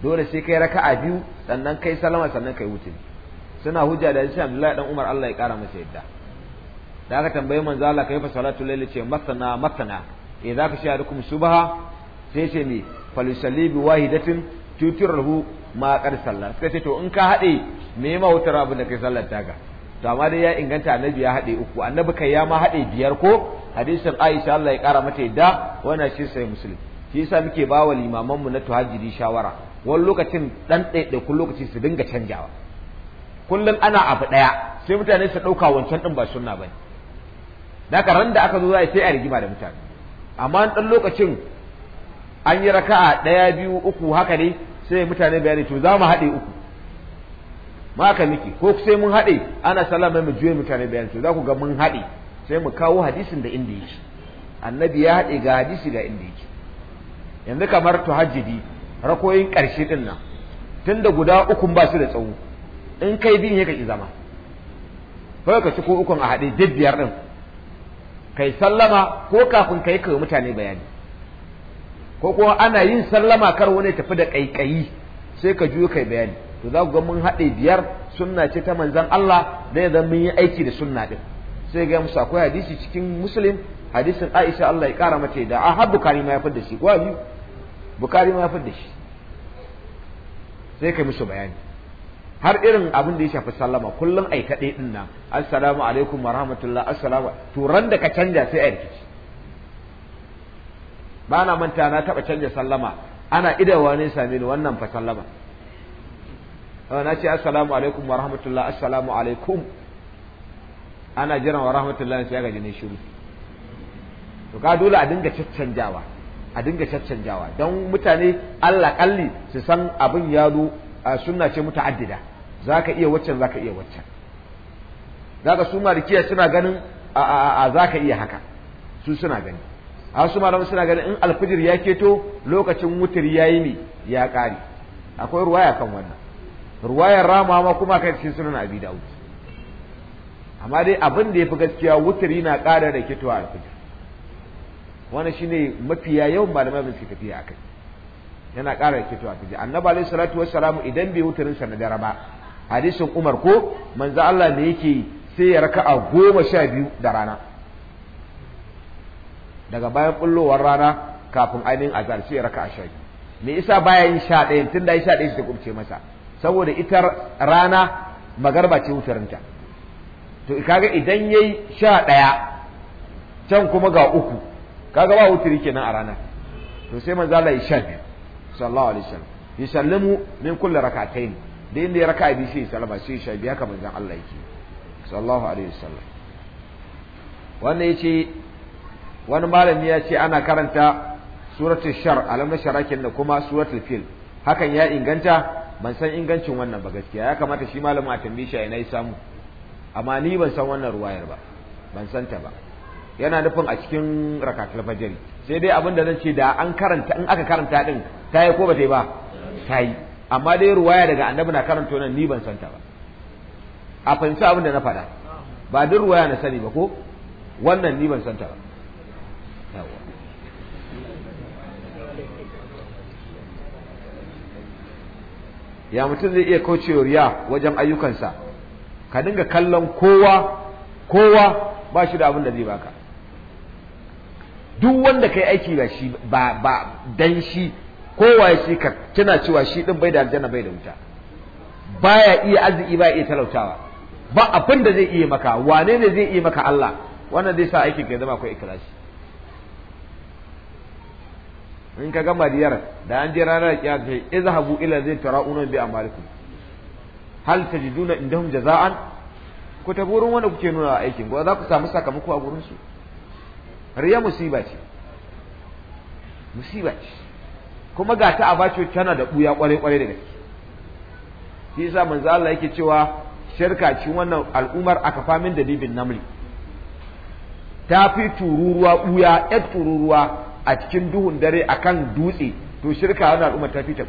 dole sai kai raka'a biyu sannan kai salama sannan kai wuturi suna hujja da shi Abdullahi dan Umar Allah ya kara masa yadda da aka tambayi manzo Allah kai fa salatu layl ce masana masana idza e, ka sha dukum subha sai ce mi falisalli wahidatin tutirhu ma kar sallah suka ce to in ka haɗe me ma wuta rabu da kai sallar taga. to amma dai ya inganta annabi ya haɗe uku annabi kai ya ma haɗe biyar ko hadisin Aisha Allah ya ƙara mata yadda wannan shi sai musulmi shi yasa muke ba wa limaman mu na tuhajiri shawara wani lokacin dan ɗaiɗaikun lokaci su dinga canjawa kullum ana abu ɗaya sai mutane su ɗauka wancan ɗin ba sunna bane Naka ran da aka zo za a sai a rigima da mutane amma ɗan lokacin an yi raka'a ɗaya biyu uku haka ne sai mutane bayani to za mu haɗe uku ma ka miki ko sai mun haɗe ana salama mu juye mutane bayani to za ku ga mun haɗe sai mu kawo hadisin da inda yake annabi ya haɗe ga hadisi ga inda yake yanzu kamar hajjidi rakoyin ƙarshe ɗin nan da guda uku ba su da tsawo in kai bin ya kaki zama kawai ka ci ko ukun a haɗe biyar ɗin kai sallama ko kafin kai kai mutane bayani ko kuma ana yin sallama kar wani tafi da kaikayi sai ka juyo kai bayani to za ku ga mun haɗe biyar sunna ce ta manzon Allah da ya mun yi aiki da sunna din sai ga musu akwai hadisi cikin muslim hadisin Aisha Allah ya kara mata da a Bukhari ma ya fadda shi ko biyu bukari ma ya fadda shi sai kai musu bayani har irin abin da ya shafi sallama kullum aika kaɗai ɗin nan assalamu alaikum wa rahmatullah assalamu to ran da ka canja sai a rikici ba na manta na taɓa canja sallama ana idawa ne same ni wannan fa sallama na ce assalamu alaikum wa rahmatullah assalamu alaikum ana jiran wa rahmatullah sai ga jini shiru to ka dole a dinga caccanjawa a dinga caccanjawa don mutane Allah kalli su san abin ya zo sunna ce muta'addida zaka iya waccan zaka iya waccan zaka su malikiya suna ganin a zaka iya haka su suna gani a wasu malamai suna ganin in alfijir ya keto lokacin wutar yi ne ya ƙare akwai ruwaya kan wannan ruwayar rama ma kuma kai cikin sunan abi daud amma dai abin da ya fi gaskiya wutari na ƙara da keto a alfijir wannan shine mafiya yawan malamai bin suka tafiya akai yana ƙara da keto a alfijir annabi alaihi salatu wassalamu idan bai wutarin sa na dare ba hadisin umar ko manzo Allah ne yake sai ya raka'a goma sha biyu da rana daga bayan kullowar rana kafin ainihin azhar sai raka'a sha biyu me isa baya yin sha ɗaya tun da sha ɗaya ta kubce masa saboda ita rana magarba ce wutarinta to kaga idan yayi sha ɗaya can kuma ga uku kaga ba wuturi kenan a rana to sai manzo Allah ya sha biyu sallallahu alaihi wasallam yusallimu min kulli rak'atayn da inda ya raka'a biyu sai salama sai sha biyu haka zan Allah yake sallallahu alaihi wasallam wannan yace wani malami ya ce ana karanta suratul shar alam sharakin da kuma suratul fil hakan ya inganta ban san ingancin wannan ba gaskiya ya kamata shi malamin a tambaye shi ina ya samu amma ni ban san wannan ruwayar ba ban san ta ba yana nufin a cikin rakatul fajr sai dai abin da zan ce da an karanta in aka karanta din ta yi ko ba ta yi ba ta yi amma dai ruwaya daga annabi na karanta nan ni ban san ta ba a fahimci abin da na faɗa ba duk ruwaya na sani ba ko wannan ni ban san ta ba ya mutum zai iya kaucewa riya wajen ayyukansa ka dinga kallon kowa kowa ba shi da abin da zai baka duk wanda kai aiki ba shi ba dan shi kowa ya shi ka tana cewa shi din bai da aljanna bai da wuta baya iya arziki baya iya talautawa ba abin da zai iya maka wane ne zai iya maka Allah wannan zai sa aiki ga zama akwai ikhlasi in ka gama diyar da an je ranar kiyama sai izhabu ila zai tara'una bi amalikum hal tajiduna indahum jaza'an ku tafi wurin wanda kuke nuna aikin ko za ku samu sakamako a gurin su riya musiba ce musiba ce kuma ga ta abacho tana da buya kwarai kwarai da gaske shi yasa manzo Allah yake cewa shirka ci wannan al'umar aka famin da bibin namri ta fi tururuwa buya ya tururuwa a cikin duhun dare a kan dutse to shirka wani al'ummar ta fi ta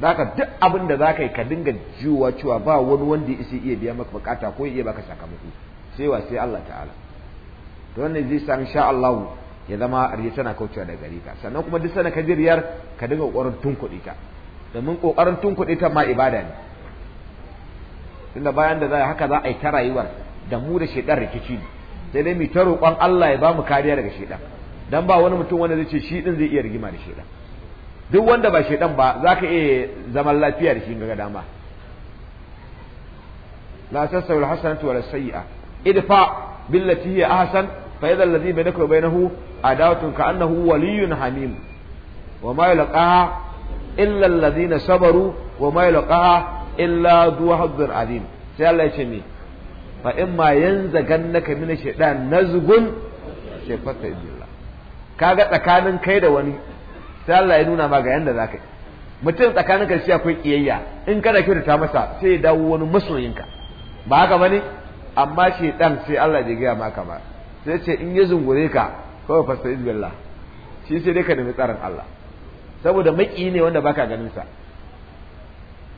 Za ka duk abin da zaka yi ka dinga jiwa cewa ba wani wanda ya isa iya biya maka bukata ko iya baka sakamako sai wa sai Allah ta'ala to wannan zai san sha Allah ya zama riya tana kaucewa daga gare ka sannan kuma duk sana ka ji ka dinga kokarin tunkuɗe ta domin kokarin tunkuɗe ta ma ibada ne tunda bayan da za haka za a yi ta rayuwar da mu da shedar rikici ne sai dai mu ta roƙon Allah ya bamu kariya daga shedan dan ba wani mutum wanda zai ce shi din zai iya rigima da shedan duk wanda ba shedan ba zaka iya zaman lafiya da shi ga dama la tasawu alhasanatu wala sayyi'a idfa billati hiya ahsan fa idha alladhi bainaka wa bainahu adawatun ka'annahu waliyyun hamim wa ma yalqaha illa alladhina sabaru wa ma yalqaha illa dhu hazzin azim sai Allah ya ce mi fa in ma yanzagannaka na shaytan nazgun sai fasta Ka kaga tsakanin kai da wani sai Allah ya nuna ma ga yanda zaka yi mutum tsakanin karshe akwai kiyayya in kana ta masa sai ya dawo wani masoyinka ba haka bane amma ɗan sai Allah ya gaya maka ba sai ce in ya zungure ka kawai fastaiz billah shi sai dai ka nemi tsarin Allah saboda maki ne wanda baka ganin sa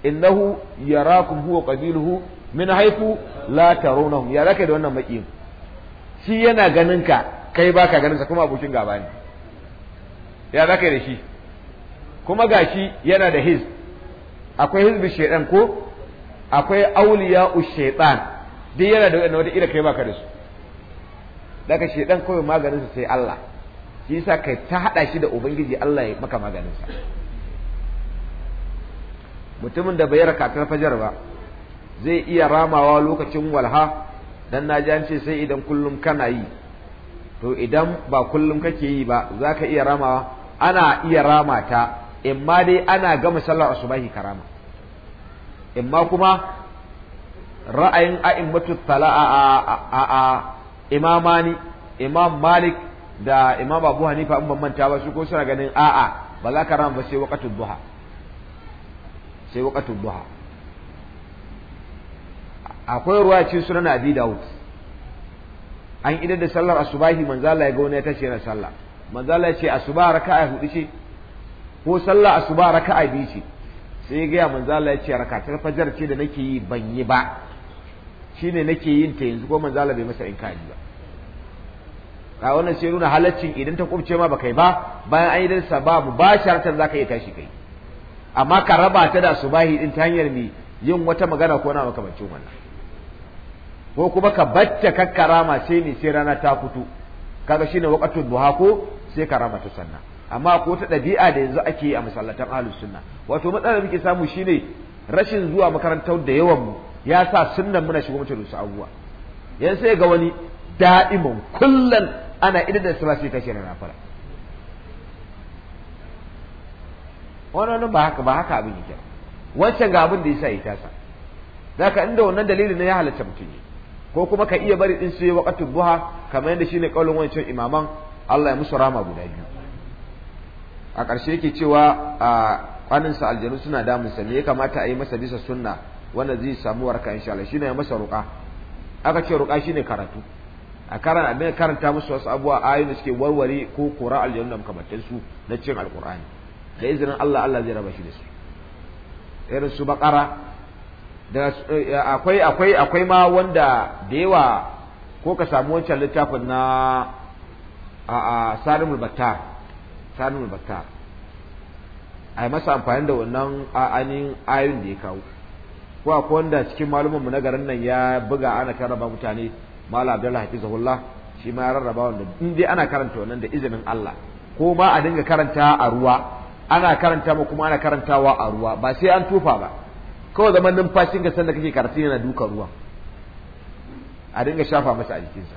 innahu yarakum huwa qabiluhu min haifu la tarawunahum ya zaka da wannan makiyin shi yana ganin ka kai baka ganin sa kuma abokin gaba ne ya zaka da shi kuma gashi yana da hizb akwai hizbi shaydan ko akwai auliya shaitan duk yana da wanda wata kai baka da su daga shaydan kawai maganin sa sai Allah shi yasa kai ta hada shi da ubangiji Allah ya maka maganin sa mutumin da bai raka ta fajar ba zai iya ramawa lokacin walha dan na ji an ce sai idan kullum kana yi to idan ba kullum kake yi ba za ka iya ramawa ana iya ramata, in imma dai ana gama sallar asubahi karama imma kuma ra'ayin a'immatu tala'a a a imamani imam malik da imam abu hanifa in ban manta ba su ko suna ganin a'a ba za ka rama ba sai waqatul duha sai waqatul duha akwai ruwa cikin sunan abi daud an idar da sallar asubahi manzo Allah ya ga wani ya tashi yana sallah manzo Allah ya ce asuba raka'a hudu ce ko sallah asuba raka'a biyu ce sai ya gaya manzo Allah ya ce rakatar fajar ce da nake yi ban yi ba shine nake yin ta yanzu ko manzo Allah bai masa in kaji ba ka wannan sai nuna halaccin idan ta kubce ma baka yi ba bayan an yi dan sababu ba shartar zaka iya tashi kai amma ka raba ta da subahi din ta hanyar mi yin wata magana ko na makamancin wannan ko kuma ka batta kakkarama sai ne sai rana ta fito kaga shine waqatul duha ko sai karama ta sanna amma ko ta dabi'a da yanzu ake yi a masallatan ahlus sunna wato matsalar da muke samu shine rashin zuwa makarantar da yawan mu ya sa sunnan muna shigo mutum su abuwa yanzu sai ga wani da'iman kullum ana idan da sura sai tashi rana fara wannan ba haka ba haka abin yake wancan ga abin da yasa ya tasa zaka inda wannan dalilin ne ya halatta mutum ne ko kuma ka iya bari din sai waqtul duha kamar yadda shine kaulin wancan imaman Allah ya musu rama guda biyu a ƙarshe yake cewa a kwaninsa aljanu suna damunsa me ya kamata a yi masa bisa sunna wanda zai samu warka insha Allah shine ya masa ruqa aka ce ruqa shine karatu a karan abin karanta musu wasu abubuwa ayoyin da suke warware ko kora aljanu da makamantan su na cin alqur'ani da izinin Allah Allah zai raba shi da su irin su bakara Eh, akwai akwai akwai ma wanda da yawa ko ka samu wancan littafin na a a battar battar a masa amfani da wannan ainihin da ya kawo ko akwai wanda cikin mu na garin nan ya buga ana karaba mutane mala abdullahi hafizahullah shi ma ya rarraba wanda in dai ana karanta wannan da izinin Allah ko ma a dinga karanta a ruwa ana karanta ma kuma ana karantawa a ruwa ba sai an tufa ba kawai zaman numfashin ga sanda kake karatu yana duka ruwa a dinga shafa masa a jikinsa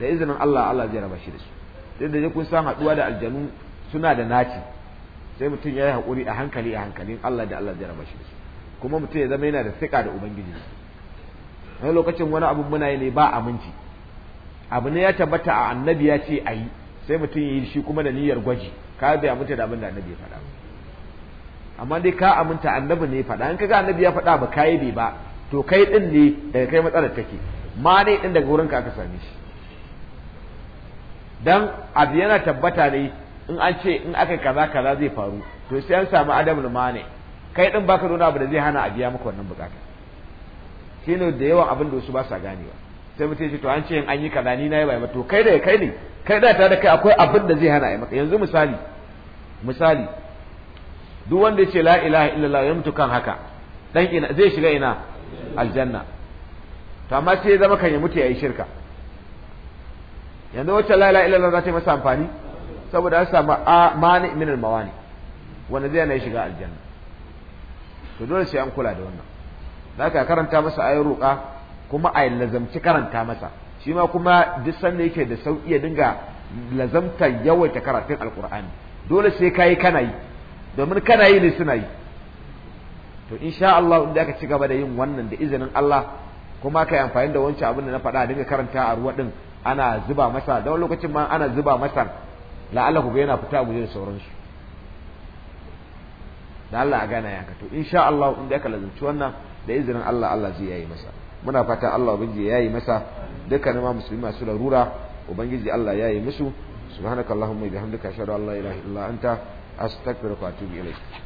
da izinin Allah Allah zai raba shi da su duk da kun san haduwa da aljanu suna da naci sai mutum ya yi haƙuri a hankali a hankalin Allah da Allah zai raba shi da su kuma mutum ya zama yana da siƙa da ubangiji wani lokacin wani abu muna yi ne ba aminci abu ne ya tabbata a annabi ya ce a yi sai mutum ya yi shi kuma da niyyar gwaji ka bai mutu da abin da annabi ya faɗa amma dai ka aminta annabi ne faɗa in kaga annabi ya faɗa ba kai bai ba to kai din ne daga kai matsalar take ma ne din daga wurin ka aka same shi dan abu yana tabbata ne in an ce in aka kaza kaza zai faru to sai an samu ma mane kai din baka nuna abu da zai hana a biya maka wannan bukata shine da yawan abin da wasu ba sa ganewa sai mutum ce to an ce in an yi kaza ni na yi ba to kai da kai ne kai da ta da kai akwai abin da zai hana a maka yanzu misali misali duk wanda ya ce la ilaha illallah ya mutu kan haka dan ina zai shiga ina aljanna to amma sai ya zama kan ya mutu yayi shirka yanzu wacce la ilaha illallah za ta yi masa amfani saboda an samu mani min al mawani wanda zai na shiga aljanna to dole sai an kula da wannan zaka karanta masa ayar roƙa kuma a lazamci karanta masa shi ma kuma duk sanda yake da sauki ya dinga lazamta yawaita karatun alqur'ani dole sai kai kana yi domin kana yi ne suna yi to insha Allah inda aka ci gaba da yin wannan da izinin Allah kuma ka yi amfani da wancan abin da na faɗa dinga karanta a ruwa din ana zuba masa da wani lokacin ma ana zuba masa la'alla ku ga yana fita guje da sauransu da Allah a gana yaka to insha Allah inda aka lazumci wannan da izinin Allah Allah zai yayi masa muna fata Allah ubangiji yi masa dukkanin ma musulmi masu larura ubangiji Allah ya yi musu subhanakallahumma wa bihamdika ashhadu an la ilaha illa anta أستغفرك وأتوب إليك